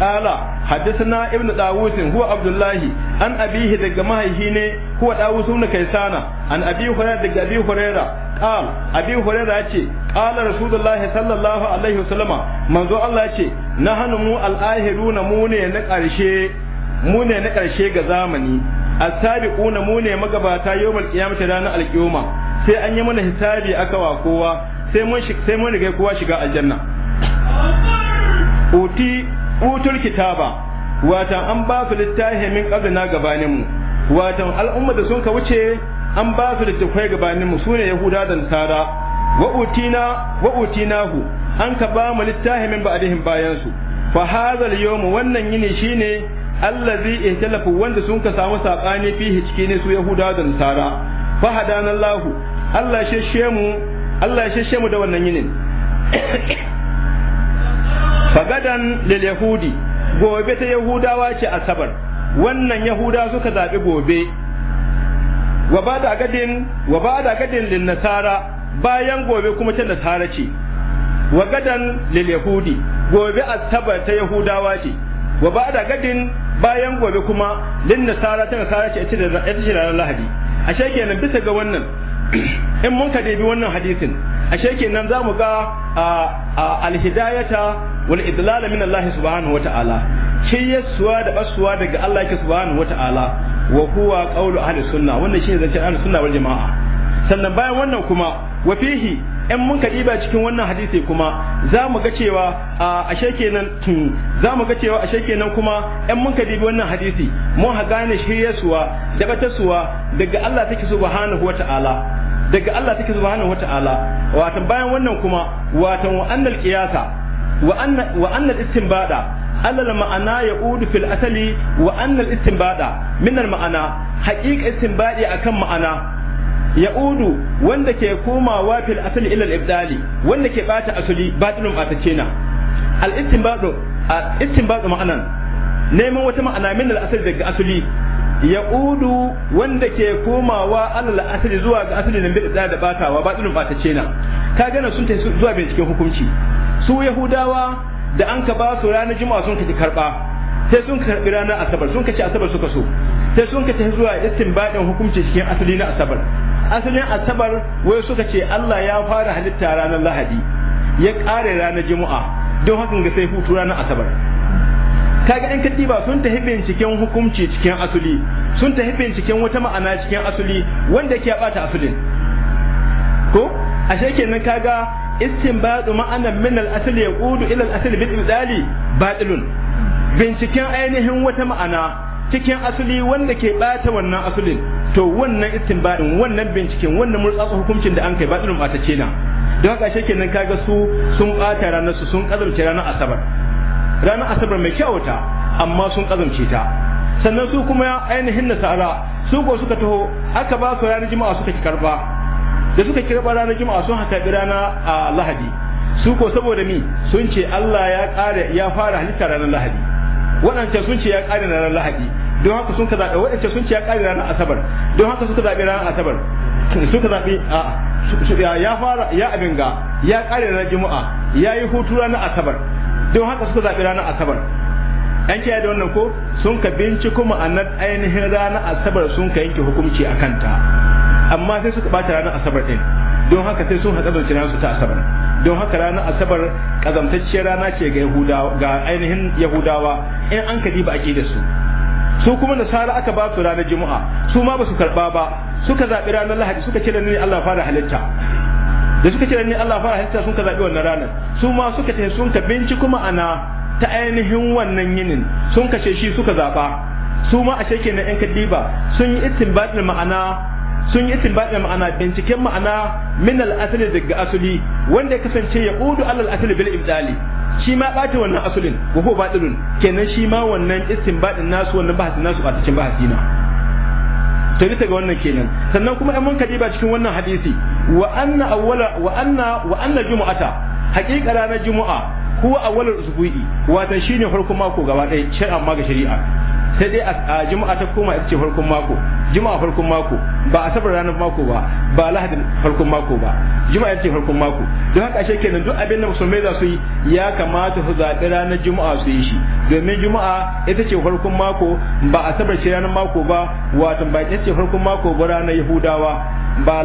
قال حدثنا ابن داوود هو عبد الله عن أبيه دغ ماهينه هو داوود بن كيسان عن ابي هريره دغ ابي هريره قال ابي هريره يقول قال رسول الله صلى الله عليه وسلم منذ الله يقول نحن مو الآهرون مو ne na ƙarshe mu ne na karshe ga zamani asabiquna mu ne magabata yawmal qiyamati ranar alqiyama sai an yi mana hisabi aka wa kowa sai mun sai mun riga kowa shiga aljanna uti utul kitaba watan an ba su littafi min qablina gabanin mu watan al'umma da sun ka wuce an ba su littafai gabanin mu sune yahuda da nasara wa utina wa utinahu an ka ba mu littafi min ba'dihim bayan su fa hadha al-yawm wannan yini shine allazi ihtalafu wanda sun ka samu sakani fihi ciki ne su yahuda da nasara fa hadana Allah Allah shesshe mu Allah shesshe mu da wannan yinin fagadan lil yahudi gobe ta yahudawa ce asabar wannan yahuda suka zaɓi gobe wa ba da gadin wa ba da gadin lil nasara bayan gobe kuma ta nasara ce wa gadan lil yahudi gobe asabar ta yahudawa ce wa ba da gadin bayan gobe kuma lin nasara ta nasara ce ita da ita ce lahadi ashe kenan bisa ga wannan in mun ka debi wannan hadisin ashe kenan za mu ga alhidayata wal idlala min Allah subhanahu wa ta'ala yasuwa da basuwa daga Allah ki subhanahu wa ta'ala wa huwa qawlu ahli sunna wannan shine zancen ahli sunna wal jama'a sannan bayan wannan kuma wa fihi in mun ka diba cikin wannan hadisi kuma za mu ga cewa ashe kenan hmm, za mu ga cewa ashe kenan kuma in mun ka dibi wannan hadisi mun ha gane yasuwa da batasuwa daga Allah take subhanahu wa ta'ala daga Allah take subhanahu wata'ala watan bayan wannan kuma watan wa annal qiyasa wa anna wa al istinbada alal ma'ana ya udu fil asali wa al istinbada min al ma'ana haqiqa istinbadi akan ma'ana Ya'udu wanda ke komawa fil asali ila al ibdali wanda ke bata asali batilun batace na al istinbadu al istinbadu ma'anan neman wata ma'ana min al asali daga asali ya'udu wanda ke komawa alal asali zuwa ga da bid'a da batawa batilun batace na ka gane sun tafi zuwa binciken hukunci su yahudawa da an ka ba su ranar juma'a sun kaci karba sai sun karbi ranar asabar sun kaci asabar suka so sai sun kaci zuwa istinbadin hukunci cikin asali na asabar asalin asabar wai suka ce Allah ya fara halitta ranar lahadi ya kare ranar juma'a don hakan ga sai hutu ranar asabar kaga in katiba sun tafi binciken hukunci cikin asuli sun tafi binciken wata ma'ana cikin asuli wanda ke bata asulin ko ashe kenan kaga istinbadu ma'ana min al-asli yaqudu ila al-asli bil ibdali batilun binciken ainihin wata ma'ana cikin asali wanda ke bata wannan asulin to wannan istinbadin wannan binciken wannan murtsatsa hukuncin da an kai ba ta ce na don haka ashe kenan kaga su sun bata ranar su sun kazalce ranar asabar ranar asabar mai kyauta amma sun kazance ta sannan su kuma ainihin nasara su ko suka taho aka ba su ranar juma'a suka ki karba da suka kirba ranar juma'a sun haka rana a lahadi su ko saboda mi sun ce Allah ya kare ya fara halitta ranar lahadi waɗancan sun ce ya kare ranar lahadi don haka sun ka zaɓe waɗancan sun ce ya kare ranar asabar don haka suka zaɓe ranar asabar suka zaɓe a ya fara ya abin ga ya kare ranar juma'a ya yi hutu ranar asabar don haka suka zaɓi ranar asabar an kiyaye da wannan ko sun ka binciko nan ainihin ranar asabar sun ka yanke hukunci a kanta amma sai suka ɓata ranar asabar ɗin don haka sai sun haɗa zance ranar su ta asabar don haka ranar asabar ƙazamtacciyar rana ce ga ainihin yahudawa in an ka diba da su su kuma nasara aka ba su ranar juma'a su ma ba su karɓa ba suka zaɓi ranar lahadi suka ce da ni Allah fara halitta da suka ce ne Allah fara halitta sun ka zaɓi wannan ranar su ma suka ce sun ka kuma ma'ana ta ainihin wannan yinin sun ce shi suka zaɓa su ma a sheke na yan kadiba sun yi ittinbatin ma'ana sun yi baɗin ma'ana binciken ma'ana min al'asali daga asali wanda ya kasance ya udu allal asli bil ibdali shi ma ɓata wannan asalin wa huwa batilun kenan shi ma wannan baɗin nasu wannan bahasin nasu ba cikin bahasina to bisa ga wannan kenan sannan kuma in mun kadiba cikin wannan hadisi wa anna awwala wa anna wa anna jumu'ata haqiqa ranar jumu'a huwa usbu'i shine farkon mako gaba ɗaya shar'an ma ga shari'a sai dai a jumu'a ta koma ita ce farkon mako juma'a farkon mako ba asabar ranar mako ba ba lahadin farkon mako ba juma'a ce farkon mako don haka ashe kenan duk abin da musulmai za su yi ya kamata su zaɓi ranar juma'a su yi shi domin juma'a ita ce farkon mako ba asabar ce ranar mako ba wato ba ita ce farkon mako ba ranar yahudawa ba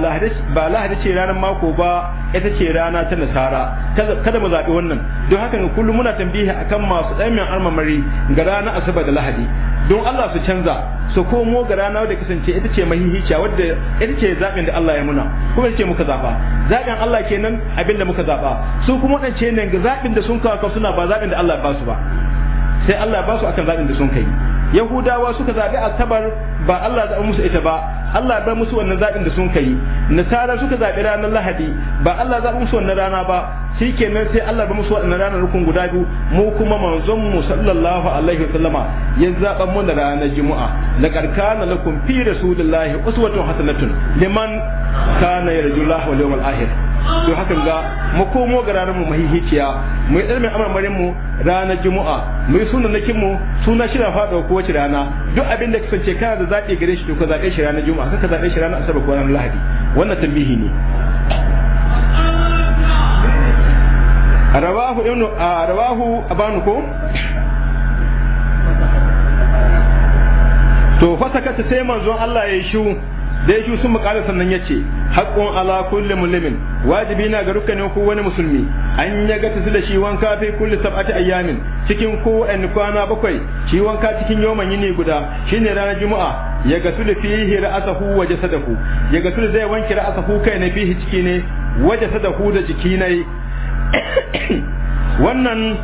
lahadi ce ranar mako ba ita ce rana ta nasara kada mu zaɓi wannan don haka kullum muna tambihi akan masu ɗan armamari ga ranar asabar da lahadi don Allah su canza su komo ga rana wadda kasance ita ce mahihiciya wadda ita ce zaɓin da Allah ya muna kuma ita ce muka zaɓa zaɓin Allah kenan abin da muka zaɓa su kuma waɗance ne ga zaɓin da sun kawo suna ba zaɓin da Allah ya ba su ba sai Allah ya ba su akan zaɓin da sun kai yahudawa suka zaɓi asabar ba Allah zaɓa musu ita ba Allah bar musu wannan zaɓin da sun kai nasara suka zaɓi ranar lahadi ba Allah zaɓa musu wannan rana ba shikenan sai Allah ba musu wannan ranar rukun guda biyu mu kuma manzon mu sallallahu alaihi wasallama ya zaɓa mu da ranar juma'a laqad kana lakum fi rasulillahi uswatun hasanatun liman kana yarjullaha wal yawmal akhir to hakan ga komo ga ranar mu mahihiciya mu yi ɗarmin amarmarin mu ranar juma'a mu yi sunan nakin mu suna shi na ko kowace rana duk abin da kasance kana da zaɓi gare shi to ka zaɓe shi ranar juma'a ka zaɓe shi ranar asabar ko ranar lahadi wannan tambihi ne rawahu ibnu rawahu abanu ko to fasakata sai manzon Allah ya yi shi da ya sun bukata sannan yace ce haƙƙun ala kulli mulmin wajibi na ga dukkanin ko wani musulmi an ya ga tasu da shi wanka fi kulli sab'ati ayyamin cikin ko an kwana bakwai shi wanka cikin yoman yini guda shine ranar juma'a ya ga sulu fihi ra'asahu wa jasadahu ya ga sulu zai wanke ra'asahu kai ne fihi ciki ne wa jasadahu da jiki ne wannan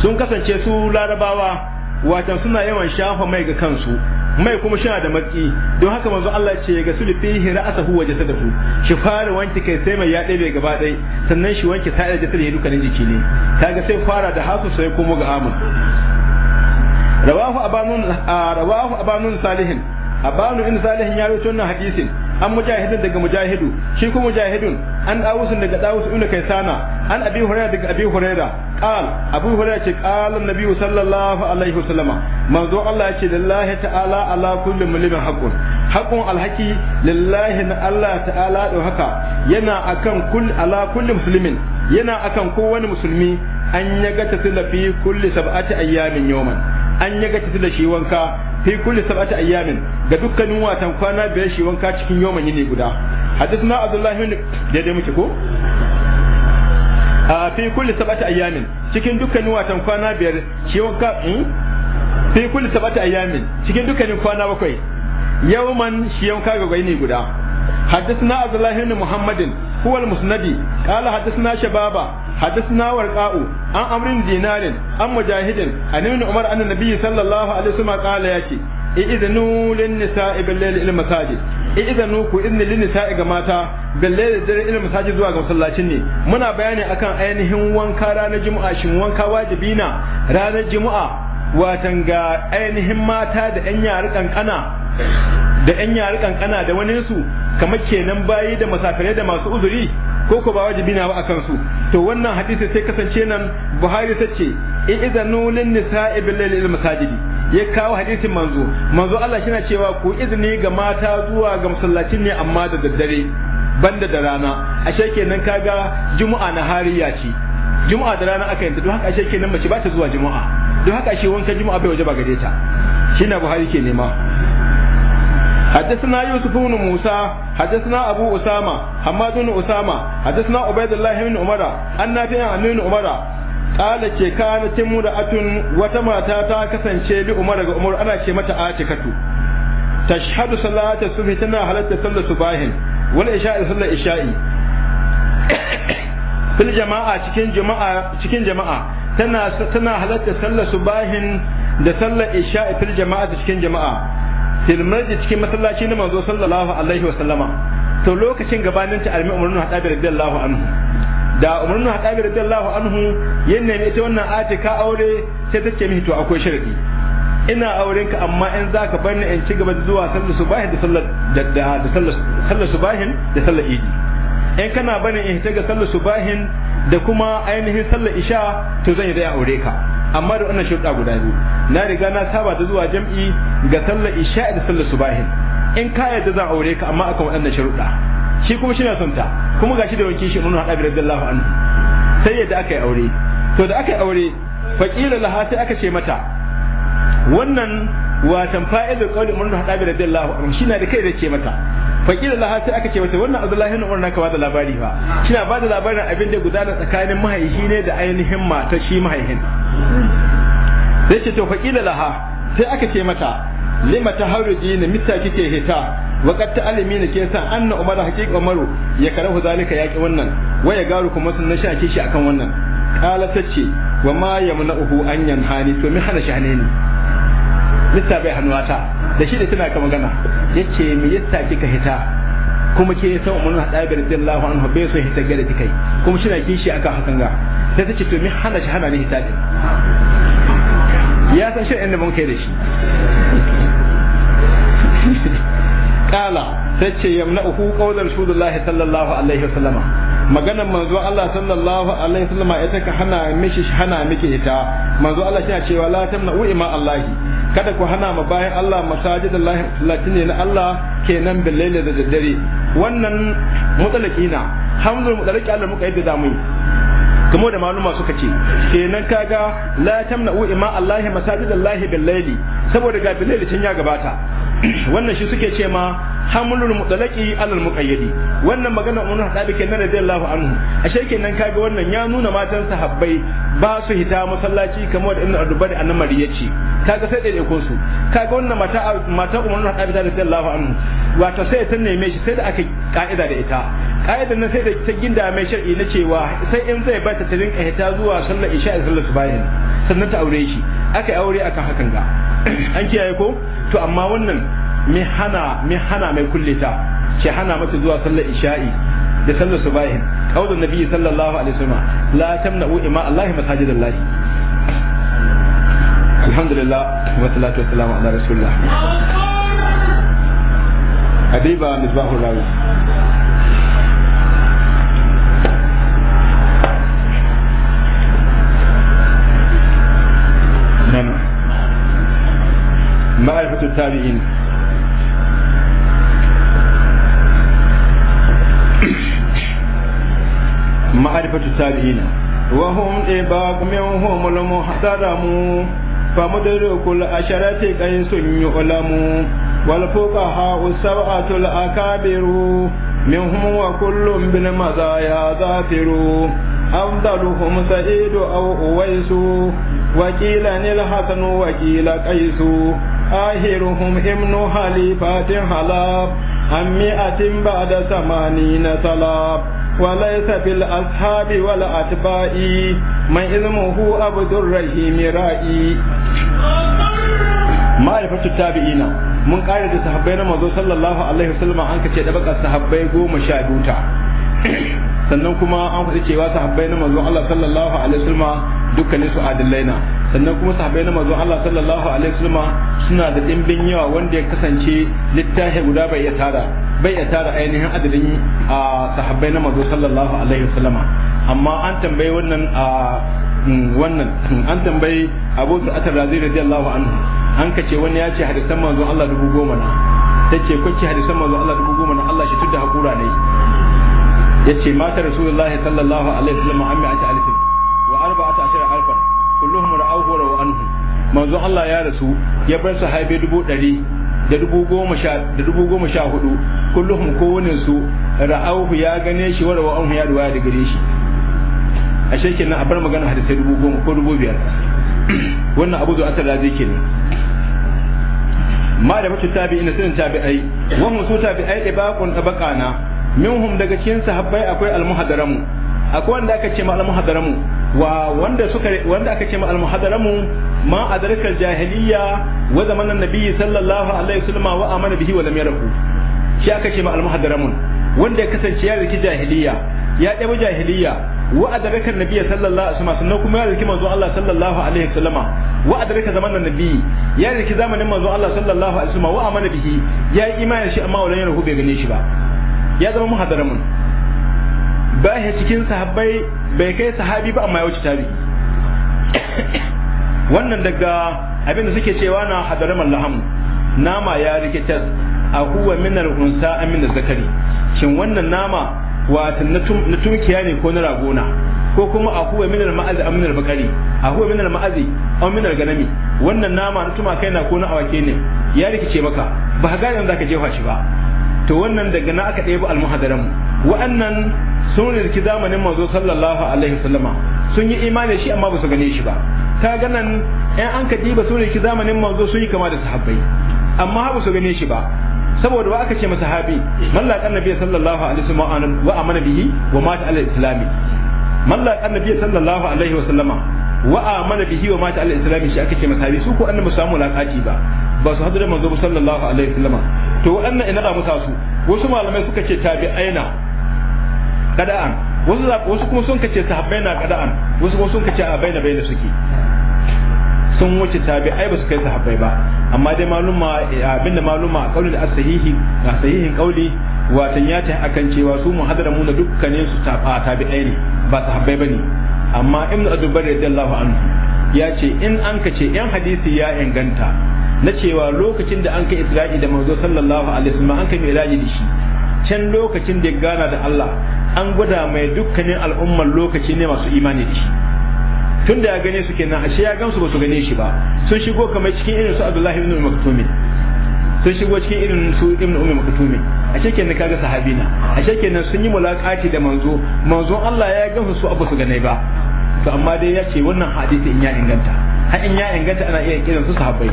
sun kasance su larabawa wato suna yawan shafa mai ga kansu mai kuma sha da matsi don haka manzo Allah ce ya gasulu fihi ra'sahu wa jasadahu shi fara wanke kai sai mai ya ɗebe gaba ɗai sannan shi wanke sai da jasad ya dukkanin jiki ne kaga sai fara da hasu sai kuma ga a rawahu abanun rawahu abanun salihin abanu in salihin ya rawaito wannan hadisin an mujahidin daga mujahidu shi kuma mujahidun an dawusun daga dawus ibn kaisana an abi hurairah daga abi hurairah qal abu hurairah ce qala annabi sallallahu alaihi wasallama manzo Allah ya ce lillahi ta'ala ala kulli mulmin haqqun haqqun alhaqi lillahi na Allah ta'ala do haka yana akan kull ala kulli muslimin yana akan kowane musulmi an yaga tasila fi kulli sab'ati ayyamin yawman an yaga tasila shi wanka fi kulli sab'ati ayyamin ga dukkanin watan kwana biyar shi wanka cikin yawman yini guda hadithna abdullahi ibn daidai muke ko a fi kulli sab'ati ayyamin cikin dukkanin watan kwana biyar shi wanka hmm? fi kulli sab'ati ayyamin cikin dukkanin kwana bakwai yawman shi wanka ga yini guda حدثنا عبد الله بن محمد هو المسندي قال حدثنا شبابا حدثنا ورقاء عن عمرو دينار عن مجاهد عن ابن عمر أن النبي صلى الله عليه وسلم قال ياتي إذنوا للنساء بالليل إلى المساجد إذنوا ku izini linnisa ga mata balle da dare ilin zuwa ga masallacin ne muna bayani akan ainihin wanka ranar juma'a shin wanka wajibi na ranar juma'a watan ga ainihin mata da 'yan yara kankana da yan yare kankana da wani su kamar kenan bayi da masafirai da masu uzuri ko ko ba wajibi na ba akan su to wannan hadisi sai kasance nan Buhari ta ce izanu lin nisa'i bil lail masajidi ya kawo hadisin manzo manzo Allah shi cewa ku izini ga mata zuwa ga masallacin ne amma da daddare banda da rana ashe kenan kaga juma'a na hariya ce juma'a da rana aka yanta don haka ashe kenan mace ba ta zuwa juma'a don haka ashe wanka juma'a bai waje ba gare ta shi na Buhari ke nema حدثنا يوسف بن موسى حدثنا ابو اسامه حماد بن اسامه حدثنا عبيد الله بن عمر ان نافع عن ابن عمر قال كي kana timra'atun wata تا كسنشي بي عمر ga عمر ana ce mata Atikatu tashhadu salata subhi tana halatta sallar subahin wal isha sallar isha'i fil jama'a cikin jama'a cikin jama'a tana tana halatta sallar subahin da sallar isha'i fil jama'a cikin jama'a fil cikin masallaci na manzo sallallahu alaihi wa sallama to lokacin gabanin ta almi umrun hadabi radiyallahu anhu da umrun hadabi radiyallahu anhu yenne mai ita wannan ati ka aure sai take mihi to akwai sharadi ina auren ka amma in zaka bar ni in ci gaba zuwa sallar subahin da sallar da sallar sallar subahin da sallar idi in kana bani in ta ga sallar subahin da kuma ainihin sallar isha to zan yi da aure ka amma da wannan shirɗa guda biyu na riga na saba da zuwa jam'i ga sallar isha da sallar subahin in ka yadda zan aure ka amma akan waɗannan shirɗa shi kuma shi na son ta kuma gashi da wanki shi nuna haɗa bi radiyallahu anhu sai yadda aka yi aure to da aka yi aure faƙila laha sai aka ce mata wannan watan fa'idul qawli mun haɗa bi radiyallahu anhu shi na da kai da ce mata fakila laha sai aka ce mata wannan abdullahi ibn umar ka bada labari ba. kina bada labarin abin da gudana tsakanin mahaihi ne da ainihin mata shi mahaihin sai ce to laha sai aka ce mata lima ta haruji ne mita kike hita wa ta alimi ne ke san anna umar haqiqa umaru ya karahu zalika yaqi wannan wa ya garu kuma sun nasha kishi akan wannan qala tace wa ma yamna'uhu an yanhani to mi hana shi ne mita bai hannuwata da shi da tana ka magana yace mi yatta kika hita kuma ke san umar hadabi radiyallahu anhu bai so hita gare kai kuma shi na kishi akan hakan ga sai ta ce to min hana shi hana ni hisabin ya san shirin inda mun kai da shi kala sai ce yamna'uhu qawlan rasulullahi sallallahu alaihi wasallama maganar manzo Allah sallallahu alaihi wasallama ita ka hana mishi hana miki ita manzo Allah shi cewa la tamna'u ima Allah kada ku hana ma bayan Allah masajidallahi sallatin ne na Allah kenan billahi da daddare wannan mutalaki na hamdul mutalaki Allah muka yi da zamu kamo da maluma suka ce kenan kaga la tamna'u ima allahi masajidallahi bil saboda ga tun ya gabata wannan shi suke ce ma hamlul mutalaqi alal muqayyadi wannan magana umar hadabi kenan radiyallahu anhu ashe kenan kaga wannan ya nuna matan sahabbai ba su hita masallaci kamar da ibn adubari annamari yace kaga sai dai ko su kaga wannan mata mata umar hadabi radiyallahu anhu wato sai ta neme shi sai da aka ka'ida da ita ka'idar nan sai da ta ginda mai shar'i na cewa sai in zai bata ta rinka hita zuwa sallar isha da sallar subahin sannan ta aure shi aka yi aure akan hakan ga an kiyaye ko to amma wannan mi hana hana mai kullita ke hana mata zuwa sallar isha'i da sallar nabi sallallahu alaihi wasallam la tamna'u ima alhamdulillah wa salatu wa salam ala rawi معرفة التابعين معرفة التابعين وهم إباق منهم المحترم فمدرك الأشرة قيس يعلم والفقهاء السبعة الأكابر منهم وكل من مزايا ذاكر أفضلهم سعيد أو أويس وكيل الحسن وكيل قيس آخرهم ابن خليفة حلاب عن مئة بعد ثمانين سلاب وليس في الأصحاب ولا أتباع من اسمه عبد الرحيم رائي ما tabi'ina التابعين من da sahabbai na صلى الله عليه وسلم عنك kace da baka sahabbai sannan kuma an faɗi cewa sahabbai na mazo Allah sallallahu alaihi wasallam dukkanin su adillai na sannan kuma sahabbai na mazo Allah sallallahu alaihi wasallam suna da dimbin yawa wanda ya kasance littafi guda bai ya tara bai ya tara ainihin adadin sahabbai na mazo sallallahu alaihi wasallam amma an tambayi wannan a mm, wannan an tambayi Abu Sa'ad Razi radiyallahu anhu an kace wani ya ce hadisan manzo Allah dubu goma na tace ki hadisan manzo Allah dubu goma na Allah shi tudda hakura ne yace mata rasulullahi sallallahu alaihi wasallam amma ta alifin wa arba'at kabura anhu manzo Allah ya rasu ya bar sahabe dubu ɗari da dubu goma sha da dubu goma sha hudu kulluhum kowannen su ra'auhu ya gane shi wa rawa anhu ya ruwaya da gare shi a shekin nan a bar magana hadisai dubu goma ko dubu biyar wannan abu da asar razi ma da mutu tabi ina sanin ai wannan su tabi'ai ibaqun tabaqana minhum daga cikin sahabbai akwai almuhadaramu akwai wanda aka ce ma almuhaddaramu wa wanda suka wanda aka ce ma almuhadaramu ma adarka jahiliya wa zamanan nabiyyi sallallahu alaihi wasallam wa amana bihi wa lam yarahu shi aka ce ma almuhadaramun wanda ya kasance ya riki jahiliya ya ɗebo jahiliya wa adarka nabiyyi sallallahu alaihi wasallam sannan kuma ya riki manzo Allah sallallahu alaihi wasallam wa adarka zamanan nabiyyi ya riki zamanin manzo Allah sallallahu alaihi wasallam wa amana bihi ya yi imani shi amma wa lam yarahu bai gane shi ba ya zama muhadaramu ba cikin sahabbai bai kai sahabi ba amma ya wuce tabi wannan daga abin da suke cewa na hadaraman mallahamu nama ya rikitar a huwa minar unsa amin da zakari shin wannan nama wata na tunkiya ne ko na ragona ko kuma a huwa minar ma'azi a minar bakari a huwa minar ma'azi a minar ganami wannan nama na tumakai na ko na awake ne ya rikice maka ba ka gane za ka jefa shi ba to wannan daga na aka ɗebi almuhadaran wa'annan sun rirki zamanin mazo sallallahu alaihi wasallama sun yi imani shi amma ba su gane shi ba ta ganan ɗan an ka ɗiba sun rirki zamanin mazo sun yi kama da sahabbai amma ba su gane shi ba saboda wa aka ce masa habi mallaka annabi sallallahu alaihi wasallam wa amana bihi wa mata ala islami mallaka annabi sallallahu alaihi wasallama wa amana bihi wa mata al islami shi aka ce habi su ko annabi samu lakati ba ba su hadura manzo sallallahu alaihi wasallama to waɗannan ina da musa su wasu malamai suka ce tabi'aina qada'an wasu wasu kuma sun kace sahabbaina qada'an wasu kuma sun kace abaina baina suke sun wuce tabi'ai ba su kai sahabbai ba amma dai maluma eh, da maluma a kaulin as-sahihi a sahihin kauli watan ya ta akan cewa su mu hadara mu na dukkanin su tabi'ai ne ba sahabbai bane amma ibnu adubar radiyallahu anhu ya ce in an kace yan hadisi ya inganta na cewa lokacin da an kai isra'i da manzo sallallahu alaihi wasallam an kai miraji da shi can lokacin da ya gana da Allah an gwada mai dukkanin al'ummar lokaci ne masu imani da shi tun da ya gane su kenan ashe ya gamsu ba su gane shi ba sun shigo kamar cikin irin su Abdullahi ibn Maktumin sun shigo cikin irin su ibn ummi maktumi a kenan kaga sahabi na a sun yi mulakati da manzo manzo Allah ya gamsu su abu su gane ba to amma dai ya ce wannan hadisi in ya inganta har in ya inganta ana iya kiran su sahabbai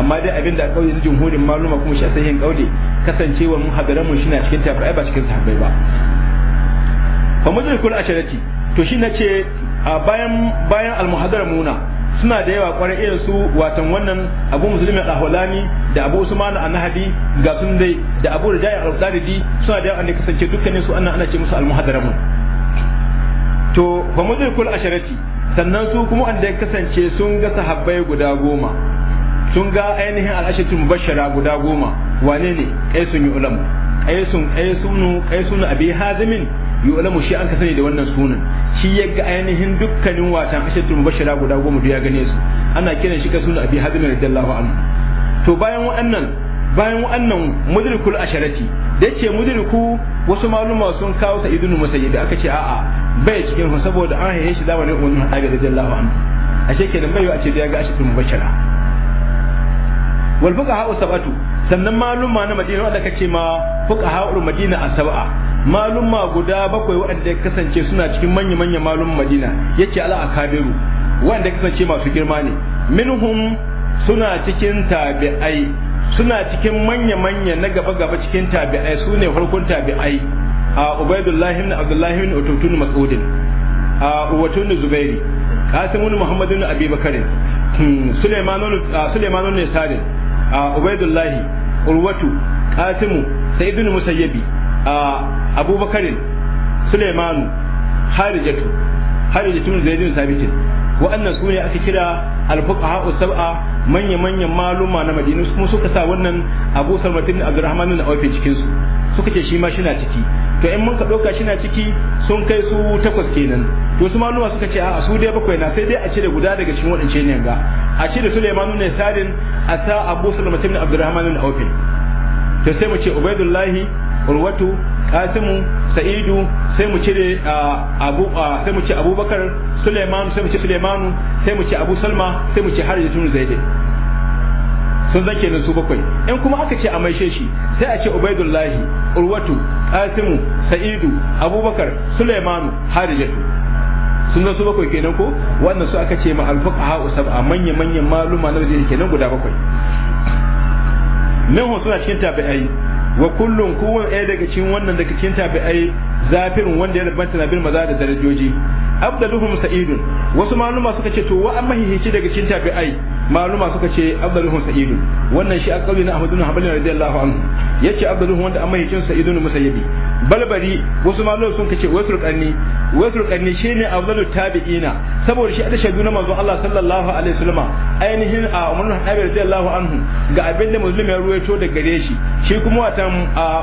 amma dai abin da kauye na jumhurin maluma kuma shi a sahihin kasancewa kasancewar hadaran mu shine a cikin tabi'ai ba cikin sahabbai ba fa mudrikul asharati to shi nace a bayan bayan almuhadara muna suna da yawa kwarai irin su watan wannan abu musulmi al-ahwalani da abu usman an-nahdi ga sun dai da abu rijai al-qaridi suna da yawa ne kasance dukkanin su annan ana ce musu almuhadara mun to fa mudrikul asharati sannan su kuma an da kasance sun ga sahabbai guda goma sun ga ainihin al'ashatu mubashara guda goma wane ne qaisun yu'lamu qaisun qaisunu qaisunu abi hazimin ulamu shi an ka sani da wannan sunan shi ya ga ainihin dukkanin watan ashatu mubashara guda goma ya gane su ana kiran shi qaisun abi hazimin radiyallahu anhu to bayan wa'annan bayan wa'annan mudrikul asharati da yake mudriku wasu maluma sun kawo sa idunu da aka ce a'a bai cikin saboda an haihe shi zamanin umar da radiyallahu anhu ashe kenan bai yi a ce da ya ga ashatu mubashara wal fuqaha sab'atu sannan ma na madina wanda kace ma fuqaha ul madina asaba ma guda bakwai wanda kasance suna cikin manya manya malum madina yace ala akabiru wanda kasance masu girma ne minhum suna cikin tabi'ai suna cikin manya manya na gaba gaba cikin tabi'ai sune farkon tabi'ai a ubaidullah ibn abdullah ibn utubtun mas'udin a uwatun zubairi qasim ibn muhammad ibn abi bakr hmm, sulaiman ibn sulaiman ibn sadin ubaidullahi urwatu qasimu saidun musayyabi abubakarin sulaimanu harijatu harijatu min zaidin sabitin wa'annan su ne aka kira alfuqaha sab'a manya manyan maluma na madina kuma suka sa wannan abu salmatin abdurrahman na aufe cikin su suka ce shi ma shi na ciki to in mun ka ɗauka shi na ciki sun kai su takwas kenan to su maluma suka ce a su dai bakwai na sai dai a cire guda daga cikin waɗance ne ga a cire Sulaimanu ne sarin a sa Abu Sulaiman ibn Abdurrahman ibn Auf to sai mu ce Ubaidullahi Urwatu Kasimu Sa'idu sai mu cire Abu sai mu ce Abubakar Sulaiman sai mu ce Sulaimanu sai mu ce Abu Salma sai mu ce Harith ibn Zaid sun zake nan su bakwai in kuma aka ce a maishe shi sai a ce ubaidullahi urwatu qasimu sa'idu abubakar sulaimanu harijatu sun zan su bakwai kenan ko wannan su aka ce ma alfaqaha usaba manya manyan maluma na wajen kenan guda bakwai nan suna cikin tabi'ai wa kullum kowane ɗaya daga cikin wannan daga cikin tabi'ai zafirin wanda ya rabanta na bin maza da darajoji abdaluhum sa'idun wasu maluma suka ce to wa an hihici daga cikin tabi'ai maluma suka ce abdulluhun sa'idu wannan shi akawi na ahmadu hanbali radiyallahu anhu yace abdulluhun wanda amma yacin sa'idu musayyibi balbari wasu maluma sun kace wasu qanni wasu rukanni shine afdalu tabi'ina saboda shi adashadu na manzo Allah sallallahu alaihi wasallam ainihin a umar bin hadabi radiyallahu anhu ga abinda muslimi ya ruwaito da gare shi shi kuma watan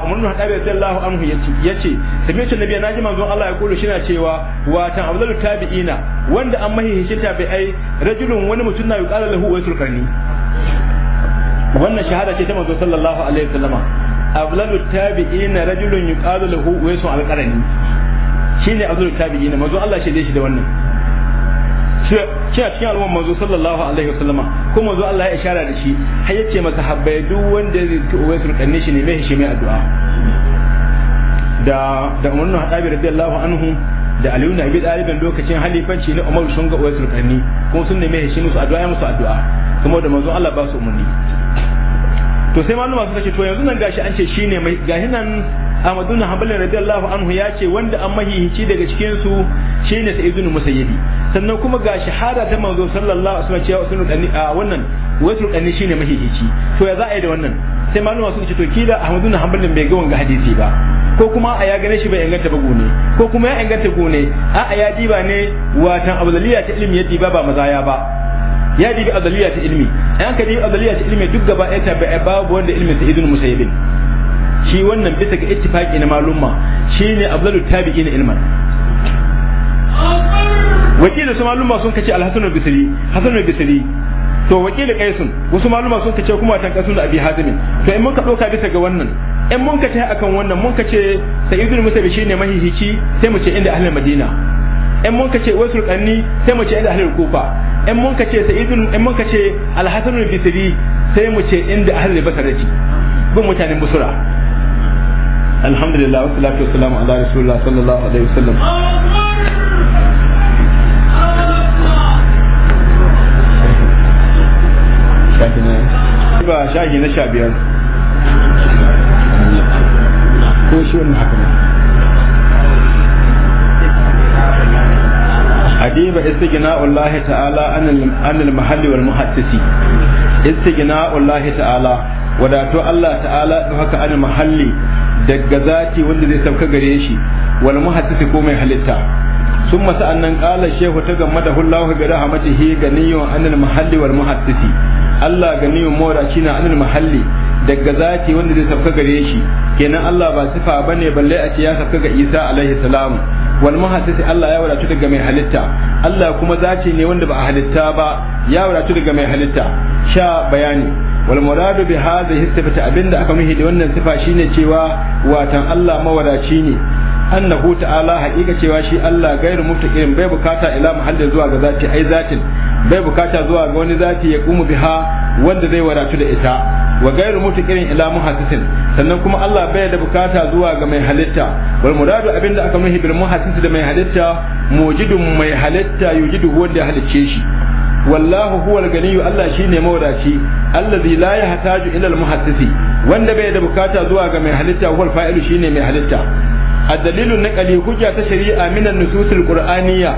umar bin hadabi radiyallahu anhu yace yace sami'tu nabi naji manzo Allah ya kula shi na cewa watan afdalu tabi'ina wanda amma yacin tabi'ai rajulun wani mutum na yuqala lahu waisul turkani wannan shahada ce ta manzo sallallahu alaihi wasallama ablalu tabi'in rajulun yuqalu lahu waisul alqarani shine ablalu tabi'in manzo Allah shi shi da wannan shi a cikin al'umma manzo sallallahu alaihi wasallama ko manzo Allah ya ishara da shi har yace masa habbai duk wanda zai ci waisul turkani shi ne mai shi mai addu'a da da umar hadabi radiyallahu anhu da aliyu na bi ɗaliban lokacin halifanci na umaru sun ga uwaisul karni kuma sun nemi shi musu addu'a ya musu addu'a kuma da manzon Allah ba su umarni to sai malluma suka ce to yanzu nan gashi an ce shine mai gashi nan Ahmadu bin Hanbal radiyallahu anhu ya ce wanda an mahihici daga cikin su shine Sa'id bin Musayyibi sannan kuma gashi hada ta manzo sallallahu alaihi wasallam cewa a wannan wasu kanni shine mahihici to ya za a yi da wannan sai malluma suka ce to kila Ahmadu bin Hanbal bai ga wannan hadisi ba ko kuma a ya gane shi bai inganta ba gone ko kuma ya inganta gone a a ya diba ne watan abdaliya ta ilimi ya diba ba mazaya ba ya diba abdaliya ta ilimi an ka diba abdaliya ta ilimi duk gaba ya ta a babu wanda ilimin ta idun musayyibin shi wannan bisa ga ittifaqi na malumma shine abdalu na ilman wakilin su malumma sun kace al-hasan al-bisri hasan al-bisri to wakili qaisun wasu maluma sun kace kuma tan da abi hadimin to in muka doka bisa ga wannan in mun kace akan wannan mun kace sayyidul musabi shine mahihici sai mu ce inda ahlul madina in mun kace wasul qanni sai mu ce inda ahlul kufa in mun kace sayyidul in mun kace alhasanul bisri sai mu ce inda ahlul basra ce bin mutanen busra alhamdulillah wassalatu wassalamu ala rasulillah sallallahu alaihi wasallam ba shahi na sha biyar ko shi wannan haka ne adiba istighna'ullah ta'ala anil mahalli wal muhaddisi Allah ta'ala wadato Allah ta'ala haka anil mahalli daga zati wanda zai sauka gare shi wal muhaddisi ko mai halitta sun masa annan kala shehu ta game da hullahu bi rahmatihi ganiyun anil mahalli wal muhaddisi Allah mora shi na anil mahalli daga zati wanda zai sauka gare shi kenan Allah ba sifa bane balle a ce ya sauka ga Isa alaihi salam wal muhaddisi Allah ya wadatu daga mai halitta Allah kuma zati ne wanda ba a halitta ba ya wadatu daga mai halitta sha bayani wal muradu bi hadhihi sifati abinda aka nuhi da wannan sifa shine cewa watan Allah mawadaci ne annahu ta'ala haƙiƙa cewa shi Allah gairu muftakirin bai bukata ila mahallin zuwa ga zati ai zatin bai bukata zuwa ga wani zati ya kuma biha wanda zai waratu da ita wa gairu irin ila muhassisin sannan kuma Allah bai da bukata zuwa ga mai halitta wal muradu abinda aka nuhi bil muhassis da mai halitta mujidun mai halitta yujidu wanda halicce shi wallahu huwal ganiyyu Allah shine mawadaci allazi la yahtaju ila al muhassisi wanda bai da bukata zuwa ga mai halitta wal fa'ilu shine mai halitta الدليل النقلي ta shari'a من النصوص القرآنية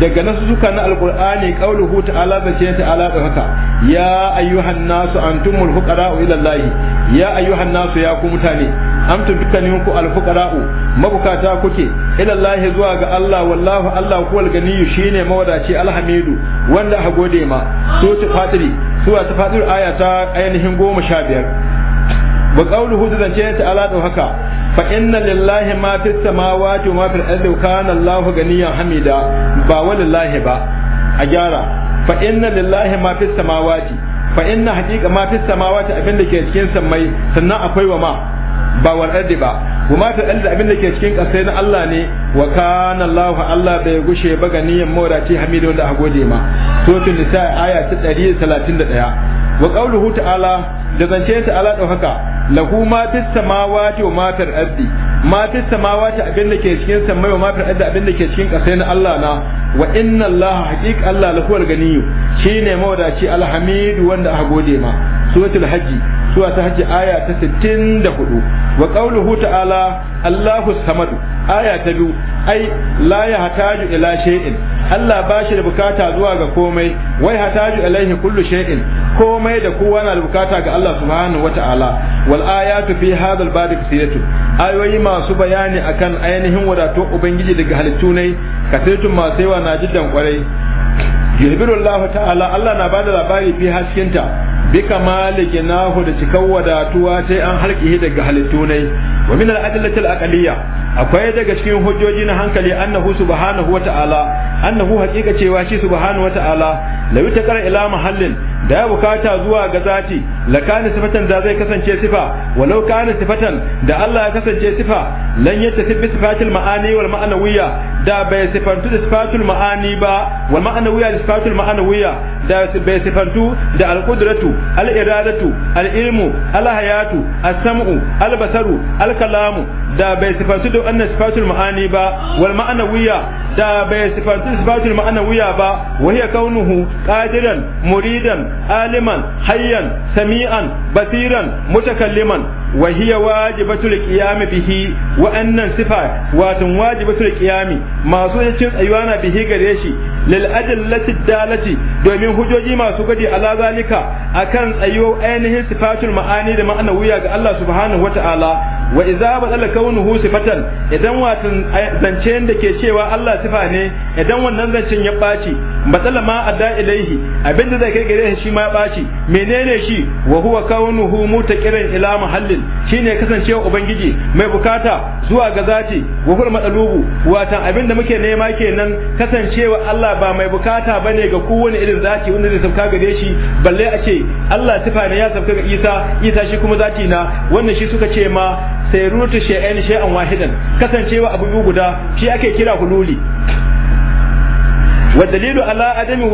daga nasu suka na alqur'ani qauluhu ta'ala zace ta'ala da haka ya ayyuhan nasu antumul fuqara'u ila allah ya ayyuhan nasu ya ku mutane amtum dukkaninku alfuqara'u mabukata kuke ila allah zuwa ga allah wallahu allah kuwal ganiyyu shine mawadaci alhamidu wanda a gode ma so ta fatiri suwa ta fatir aya ta ainihin goma sha biyar wa qawluhu da zance ala da haka fa inna lillahi ma fis samawati wa ma fil ardi kana Allahu ganiyan hamida ba walillahi ba a gyara fa inna lillahi ma fis samawati fa inna haqiqa ma fis samawati da ke cikin sammai sannan akwai wa ma ba wal ardi ba wa ma fil abin da ke cikin kasai na Allah ne wa kana Allahu Allah bai gushe ba ganiyan mawrati hamidun da agode ma suratul nisa aya ta 131 wa qawluhu ta'ala da zance ta ta'ala ɗaukaka lahu ma fis samawati wa ma fil ardi ma fis samawati abinda ke cikin samai wa ma fil ardi abinda ke cikin kasai na Allah na wa inna Allah haqiq Allah lahu al-ganiyyu shine mawadaci alhamid wanda aka gode ma suratul hajji sura ta hajji aya ta 64 wa qawluhu ta'ala Allahu samad aya ta biyu ai la yahtaju ila shay'in Allah ba shi da bukata zuwa ga komai wai hataju alaihi kullu shay'in komai da kowa na da bukata ga Allah subhanahu wata'ala wal ayatu fi hadha al bab kathiratu ayoyi masu bayani akan ainihin wadato ubangiji daga halittu ne kathiratu masu yawa na jiddan kwarai yuhibbu ta'ala Allah na bada labari fi haskinta bi kamali ginahu da cikan wadatuwa ta an harkihi daga halittu ne wa min al akwai daga cikin hujjoji na hankali annahu subhanahu wa ta'ala annahu haqiqa cewa shi subhanahu wa ta'ala la yutakara ila muhallin. da ya bukata zuwa ga zati la kana sifatan da zai kasance sifa walau kana sifatan da Allah ya kasance sifa lan yattafi bi sifatil ma'ani wal ma'anawiyya da bai sifantu da sifatul ma'ani ba wal ma'anawiyya da sifatul ma'anawiyya da bai sifantu da al qudratu al iradatu al ilmu al hayatu as sam'u al basaru al kalamu da bai sifatu da annan sifatul ma'ani ba wal ma'anawiya da bai sifatu sifatul ma'anawiya ba wa hiya kaunuhu qadiran muridan aliman hayyan sami'an basiran mutakalliman wa hiya wajibatul qiyam bihi wa annan sifa watan wajibatul kiyami masu yancin tsayuwa na bihi gare shi lil ajallati dalati domin hujoji masu gadi ala zalika akan tsayo ainihin sifatul ma'ani da ma'anar wuya ga Allah subhanahu wata'ala wa idza badala kaunuhu sifatan idan watan zancen da ke cewa Allah sifa ne idan wannan zancen ya baci badala ma adda ilaihi abinda zai kai gare shi ma ya baci menene shi wa huwa kaunuhu mutaqirin ila mahallin Shi shine kasancewa ubangiji mai bukata zuwa ga zati wa matsalubu watan abin da muke nema kenan kasancewa Allah ba mai bukata bane ga kowane irin zati wanda zai sauka gare shi balle a ce Allah tufa ne ya sauka ga Isa Isa shi kuma zati na wannan shi suka ce ma sayrutu shay'an shay'an wahidan kasancewa abu guda shi ake kira hululi wa dalilu ala adami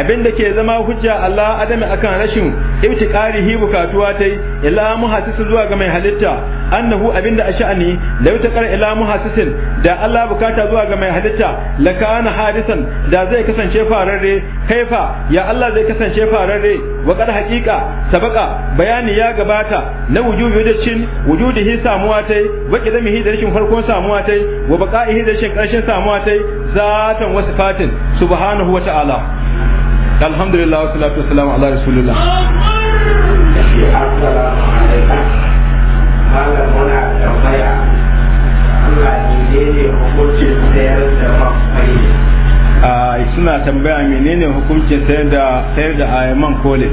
abinda ke zama hujja ala adami akan rashin ibtiqarihi bukatuwa tai ila muhassisu zuwa ga mai halitta annahu abinda asha'ani da yutakar ila muhassisin da Allah bukata zuwa ga mai halitta lakana hadisan da zai kasance fararre kaifa ya Allah zai kasance fararre wa kad haqiqa sabaka bayani ya gabata na wujubi wajacin wujudihi samuwa tai wa kidamihi da rashin farkon samuwa tai wa baqaihi da rashin karshen samuwa tai zatan wa sifatin subhanahu wa ta'ala alhamdulillah wa salatu wassalamu ala rasulillah Allah ne ne hukuncin sayar da suna tambaya menene hukuncin sayar da sayar da man kolin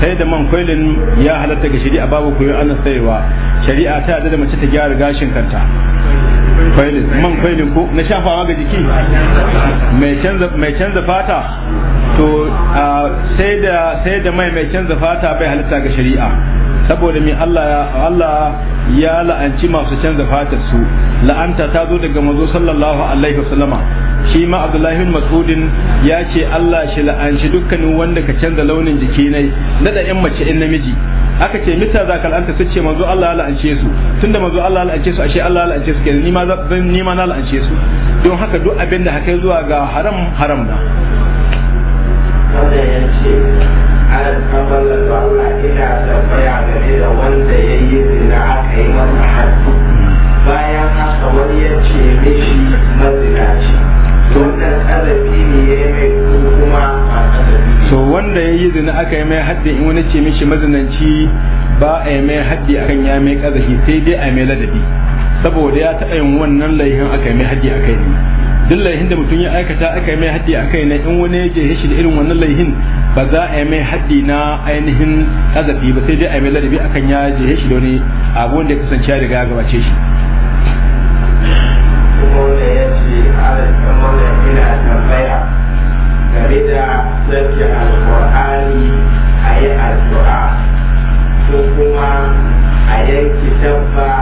sayar da man kolin ya halatta ga shari'a babu koyon ana sayarwa shari'a ta da mace ta gyara gashin kanta kwailin man kwailin ko na shafawa ga jiki mai canza fata to sai da sai da mai mai canza fata bai halitta ga shari'a saboda mai Allah Allah ya la'anci masu canza fatar su la'anta ta zo daga manzo sallallahu alaihi wasallama shi ma abdullahi mas'udin ya ce Allah shi la'anci dukkanin wanda ka canza launin jiki ne da yan mace in namiji aka ce mita za ka la'anta su ce manzo Allah ya la'ance su tunda manzo Allah ya la'ance su ashe Allah ya la'ance su kenan ni ma ni ma na la'ance su don haka duk abin da haka zuwa ga haram haram na aka yi mai haddi in wani ce mishi mazinanci ba a yi mai haddi akan ya mai kazafi sai dai a mai ladabi saboda ya taɓa yin wannan laihin aka yi mai haddi a kai ne duk laihin da mutum ya aikata aka yi mai haddi a kai ne in wani ya je shi da irin wannan laihin ba za a yi mai haddi na ainihin kazafi ba sai dai a yi mai ladabi akan ya je shi da wani abu wanda ya kasance ya riga ya gabace shi kuma wanda ya ce ala tsammanin ina a game da zarkin alkur'ani a yi addu'a ko kuma a yanki dabba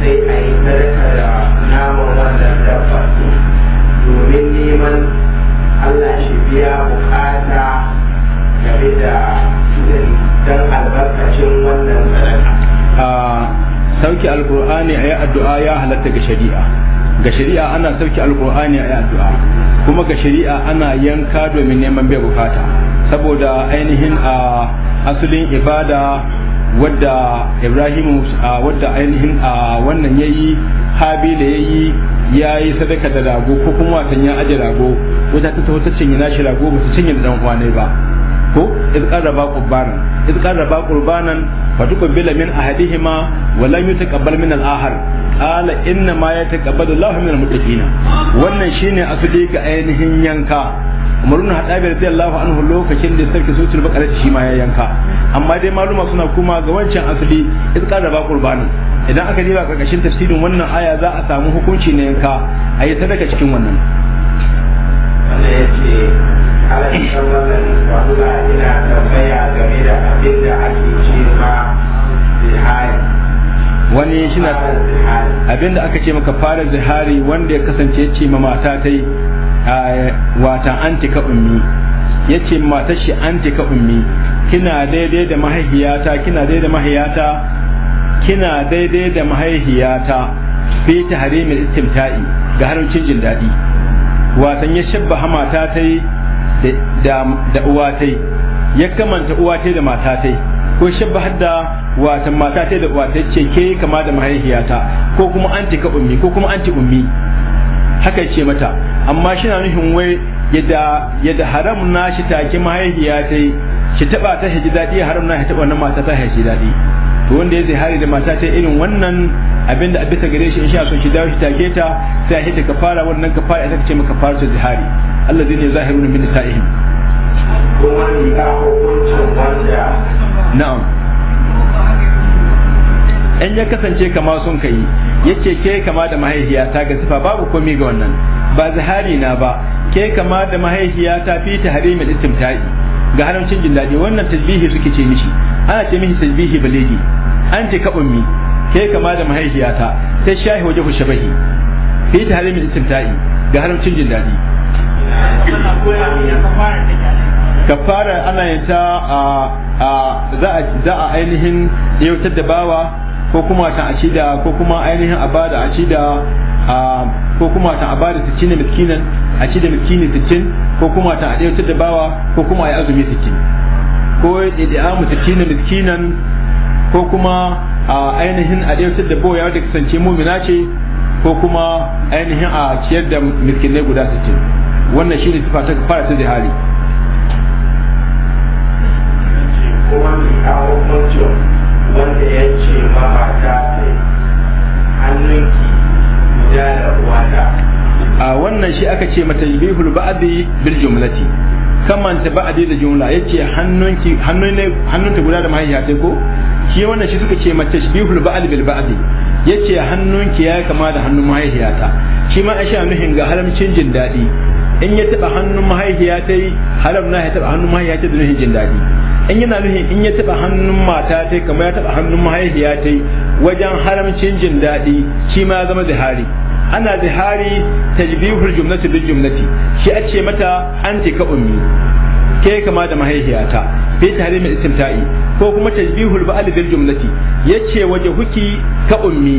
sai a yi sadaka da naman wannan dabba domin neman allah shi biya bukata game da don albarkacin wannan sadaka sauki alkur'ani a yi addu'a ya halatta ga shari'a ga shari'a ana sauki alkur'ani a yi addu'a kuma ga shari'a ana yanka domin neman bai bukata saboda ainihin a asalin ibada wadda ibrahim wadda ainihin a wannan yayi habila yayi ya yi sadaka da rago ko kuma watan ya aje rago wata ta taho ta cinye nashi rago ba ta cinye da dan uwane ba ko iz qarraba qurbanan iz qarraba qurbanan fatuqbila min ahadihima wa lam yutaqabbal min al ahar qala inna ma yataqabbal Allahu min al-muttaqin wannan shine asali ga ainihin yanka umarun hadabi radiyallahu anhu lokacin da sarki sutul bakara shi ma ya yanka amma dai maluma suna kuma ga wancan asali iz qarraba qurbanan idan aka diba karkashin tafsirin wannan aya za a samu hukunci na yanka ayi sadaka cikin wannan wani shi na abinda aka ce maka fara zihari wanda ya kasance ya ce ma mata ta yi wata antika ummi ya ce matar shi antika ummi kina daidai da mahaihiyata kina daidai da mahaihiyata kina daidai da mahaihiyata fi ta harimin istimta'i ga haramcin jin daɗi watan ya shabba hamata ta yi da uwatai ya kamanta uwatai da matatai ko shabba hadda wata matatai da uwatai ce ke kama da mahaihiyata ko kuma anti ka ummi ko kuma anti ummi haka ce mata amma shi na nufin wai yadda yadda haram na shi take mahaihiyatai shi taba ta shi daɗi haram na shi taba wannan mata ta shi daɗi to wanda ya hari da mata ta irin wannan abin da a bisa gare shi in sha so shi dawo shi take ta sai ka kafara wannan kafara ita ce maka fara ta zihari alladhi ne zahiruna min nisa'ihim kuma ni na'am in ya kasance kama sun kai yace ke kama da mahaihiyata ga sifa babu komai ga wannan ba zahari na ba ke kama da mahaihiyata fi tahrimil istimta'i ga haramcin jin daɗi wannan tasbihi suke ce mishi ana ce mishi tasbihi balegi an ce kaɓin mi ke kama da mahaihiyata ta shahi waje shabahi fi tahrimil istimta'i ga haramcin jin daɗi kafara ana yin ta za a ainihin yautar da bawa ko kuma ta acida ko kuma ainihin a bada acida ko kuma ta a bada da miskinan acida miskinin sittin ko kuma ta a yautar da bawa ko kuma a yi azumi sittin ko ya mu sittin da miskinan ko kuma a ainihin a yautar da bawa da kasance mumina ce ko kuma ainihin a ciyar da miskinai guda sittin wannan ne tufa ta fara ta jihari ce a wannan shi aka ce mata bihul ba'adi bil jumlati kamanta ba'adi da jumla ya ce hannun hannunta guda da mahaifiya sai ko shi wannan shi suka ce mata bihul ba'adi bil ce hannun hannunki ya kama da hannun ta shi ma a nuhin ga haramcin jin daɗi in ya taba hannun mahaifiya ta yi haram na ya taba hannun mahaifiya ta da jin daɗi in yana nuhi in ya taba hannun mata ta yi kamar ya taba hannun mahaifiya ta yi wajen haramcin jin daɗi shi ma zama zihari ana zihari tajbihul jumlati bil jumlati shi a ce mata anti ka ummi ke kama da mahaifiyata bi tahrim istimta'i ko kuma tajbihul ba'al bil jumlati ce waje huki ka ummi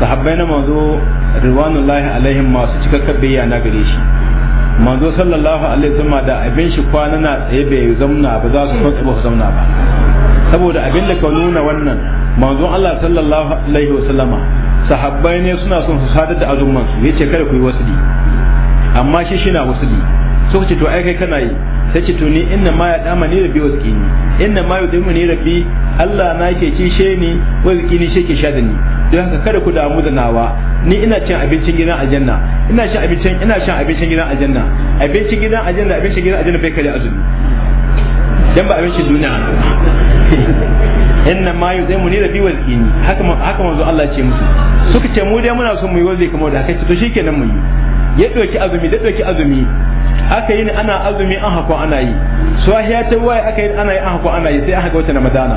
sahabbai na manzo ridwanullahi alaihim masu cikakken bayyana gare shi manzo sallallahu alaihi wasallam da abin shi kwana na tsaye bai zamna ba za su kwatsa ba zamna ba saboda abin da ka nuna wannan manzo Allah sallallahu alaihi wasallam sahabbai ne suna son su sadar da azumman su yace kada ku yi wasudi amma shi shi na wasudi so ce to ai kai kana yi sai ce to ni inna ma ya dama ni rabbi wasqini inna ma yudimu ni rabbi Allah na ke kishe ni ki ni shake sha da ni don haka kada ku damu da nawa ni ina cin abincin gidan aljanna ina shan abincin ina shan abincin gidan aljanna abincin gidan aljanna abincin gidan aljanna bai kare azumi dan ba abincin duniya inna ma yuzaimu ni rabbi wal kini haka haka manzo Allah ce musu suka ce mu dai muna son mu yi wazi kamar da haka to shikenan mu yi ya doki azumi da doki azumi aka yi ana azumi an hako ana yi swahiya ta waye aka yi ana yi an hako ana yi sai aka ga wata ramadana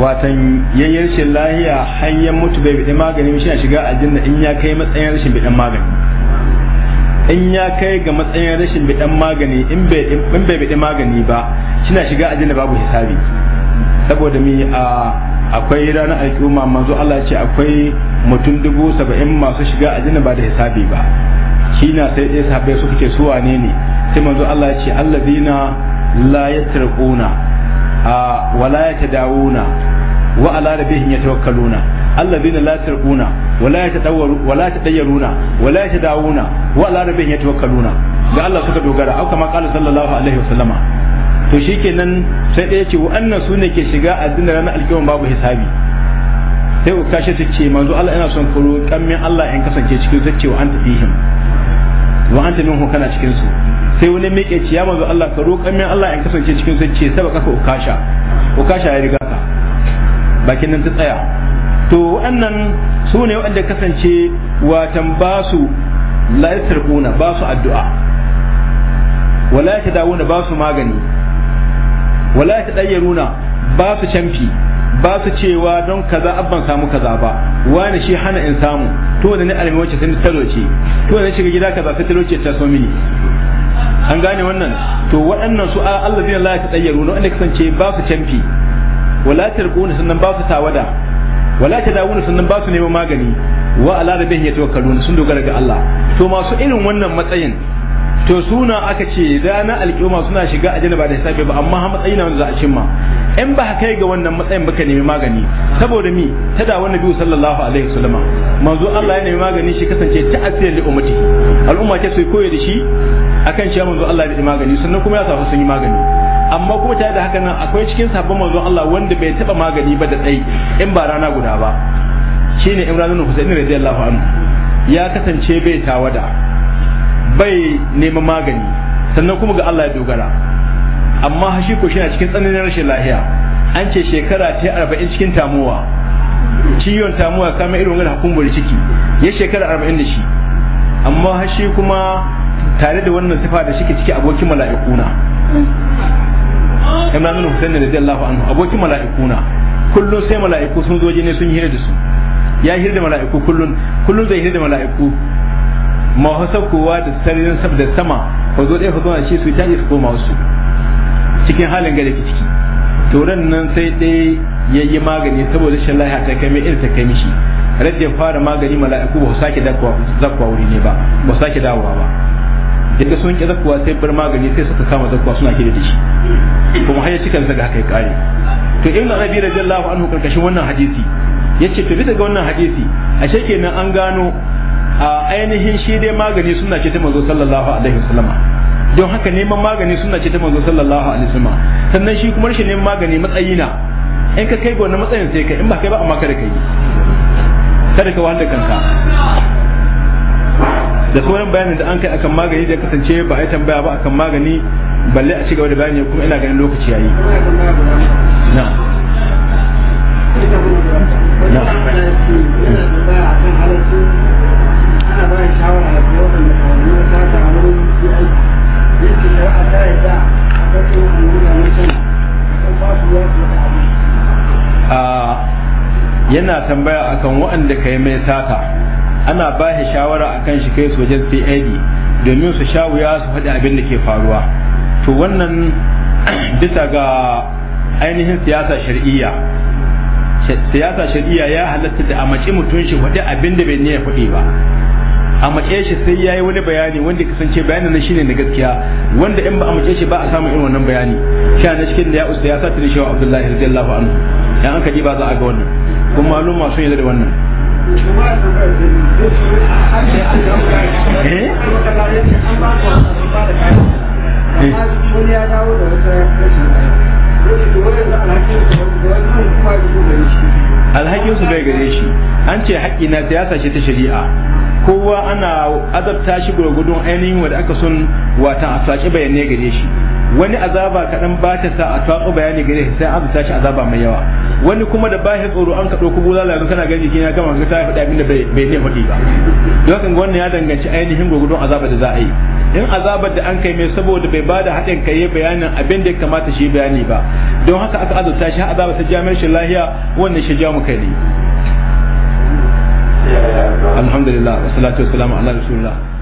watan yayin rashin lahiya hanyar mutu bai bidin magani shi na shiga aljanna in ya kai matsayin rashin bidin magani in ya kai ga matsayin rashin bidin magani in bai bidin magani ba shi na shiga aljanna babu hisabi saboda mi a akwai ranar al'umma manzo Allah ce akwai mutum dubu saba'in masu shiga aljanna ba da hisabi ba shi na sai ɗaya sahabbai suka ce su wane ne sai manzo Allah ce allazina la ta wala yatadawuna wa ala rabbihim yatawakkaluna alladhina la tarquna wa la yatadawwaru wa la tadayyaruna wa la yadawuna wa ala rabbihim yatawakkaluna ga Allah suka dogara au kama qala sallallahu alaihi wasallama to shikenan sai ɗaya ce wa'annan su ne ke shiga addinin ranar alkiyon babu hisabi sai kashe ta ce manzo Allah yana son kuro kammin Allah in kasance cikin zai ce wa anta fihim wa anta minhu kana cikin su sai wani miƙe ce ya manzo Allah ka roƙa min Allah in kasance cikin zai ce sabaka ka ukasha ukasha ya riga ka bakin nan ta tsaya to wannan su ne wanda kasance watan ba su la yasrquna ba su addu'a wala da ba su magani wala yatadayyaruna ba su canfi ba su cewa don kaza abban samu kaza ba wani shi hana in samu to da ni almi wacce sun ce to da shiga gida kaza sai taloce ta so mini an gane wannan to waɗannan su Allah zai Allah ya tsayyaru na wanda kasance ba su canfi wala tarquna sannan ba su tawada wala tadawuna sannan ba su neman magani wa ala rabbihim sun dogara ga Allah to masu irin wannan matsayin to suna aka ce na alƙiyoma suna shiga a ba da hisabi ba amma ha matsayin na wanda za a cimma in ba kai ga wannan matsayin baka nemi magani saboda mi ta da wannan biyu sallallahu alaihi wasallam manzo Allah ya nemi magani shi kasance ta asiyar li ummati al'umma ce su koyi da shi akan shi manzo Allah ya nemi magani sannan kuma ya sa sun yi magani amma kuma tare da haka nan akwai cikin sabon manzon Allah wanda bai taba magani ba da dai in ba rana guda ba shine Imran bin Husayn radiyallahu anhu ya kasance bai tawada bai neman magani sannan kuma ga Allah ya dogara amma hashi ko shi na cikin tsananin rashin lahiya an ce shekara ta arba'in cikin tamuwa ciwon tamuwa kama irin wani hukumar ciki ya shekara arba'in da shi amma hashi kuma tare da wannan sifa da shi ciki abokin mala'ikuna imran bin da allahu anhu abokin na kullum sai mala'iku sun zo ne sun hira da su ya hira da mala'iku kullum kullum zai hira da mala'iku ma hasa kowa da sararin sabda sama ko zo dai a ce su tashi su koma wasu cikin halin gare ki ciki to ran nan sai dai yayi magani saboda shin lahiya ta kai mai irin ta kai mishi radda fara magani mala'iku ba su sake dakwa zakwa wuri ne ba ba su sake dawowa ba Yadda sun ki zakuwa sai bar magani sai suka kama zakuwa suna kira da shi kuma har ya cikan zaga haka ya kare to ibn abi radiyallahu anhu karkashin wannan hadisi yace to bisa ga wannan hadisi ashe kenan an gano a ainihin shi dai magani suna ce ta manzo sallallahu alaihi wasallama don haka neman magani suna ce ta manzo sallallahu alaihi wasallama sannan shi kuma rashin neman magani matsayi na in ka kai ga wannan matsayin sai ka in ba kai ba amma kada ka yi kada ka wahala kanka da sauran bayanin da an kai akan magani da kasance ba a yi tambaya ba akan magani balle a cigaba da bayani kuma ina ganin lokaci yayi ah, yana tambaya akan waɗanda ka yi mai sata ana ba shi shawara akan shi kai su wajen CID domin su sha wuya su faɗi abin da ke faruwa to wannan bisa ga ainihin siyasa shari'iyya siyasa shari'iyya ya halatta da a mace mutum shi faɗi abin da bai niyya faɗi ba a mace shi sai yayi wani bayani wanda kasance bayanin nan shine na gaskiya wanda in ba a mace shi ba a samu irin wannan bayani sha na cikin da ya usta ya sa tare Abdullahi radiyallahu anhu dan an kaji ba za a ga wannan kuma malum masu yarda da wannan Eh? Eh? alhakin su bai gare shi an ce haƙƙi na siyasa shi ta shari'a kowa ana azabta shi gurgudun ainihin wanda aka son watan a saci bayanai gare shi wani azaba kaɗan ba ta sa a tatso bayani gare shi sai azabta shi azaba mai yawa wani kuma da bashi tsoro an kaɗo kubu bulala yanzu kana gani jiki na gama ga ta faɗi abin da bai ne faɗi ba don wannan ya danganci ainihin gurgudun azaba da za a yi in azabar da an kai mai saboda bai bada haɗin kai ya bayanin abin da ya kamata shi bayani ba don haka aka azabta shi azaba ta jami'ar shi lahiya wannan shi ja mu kai ne alhamdulillah wassalatu wassalamu ala rasulillah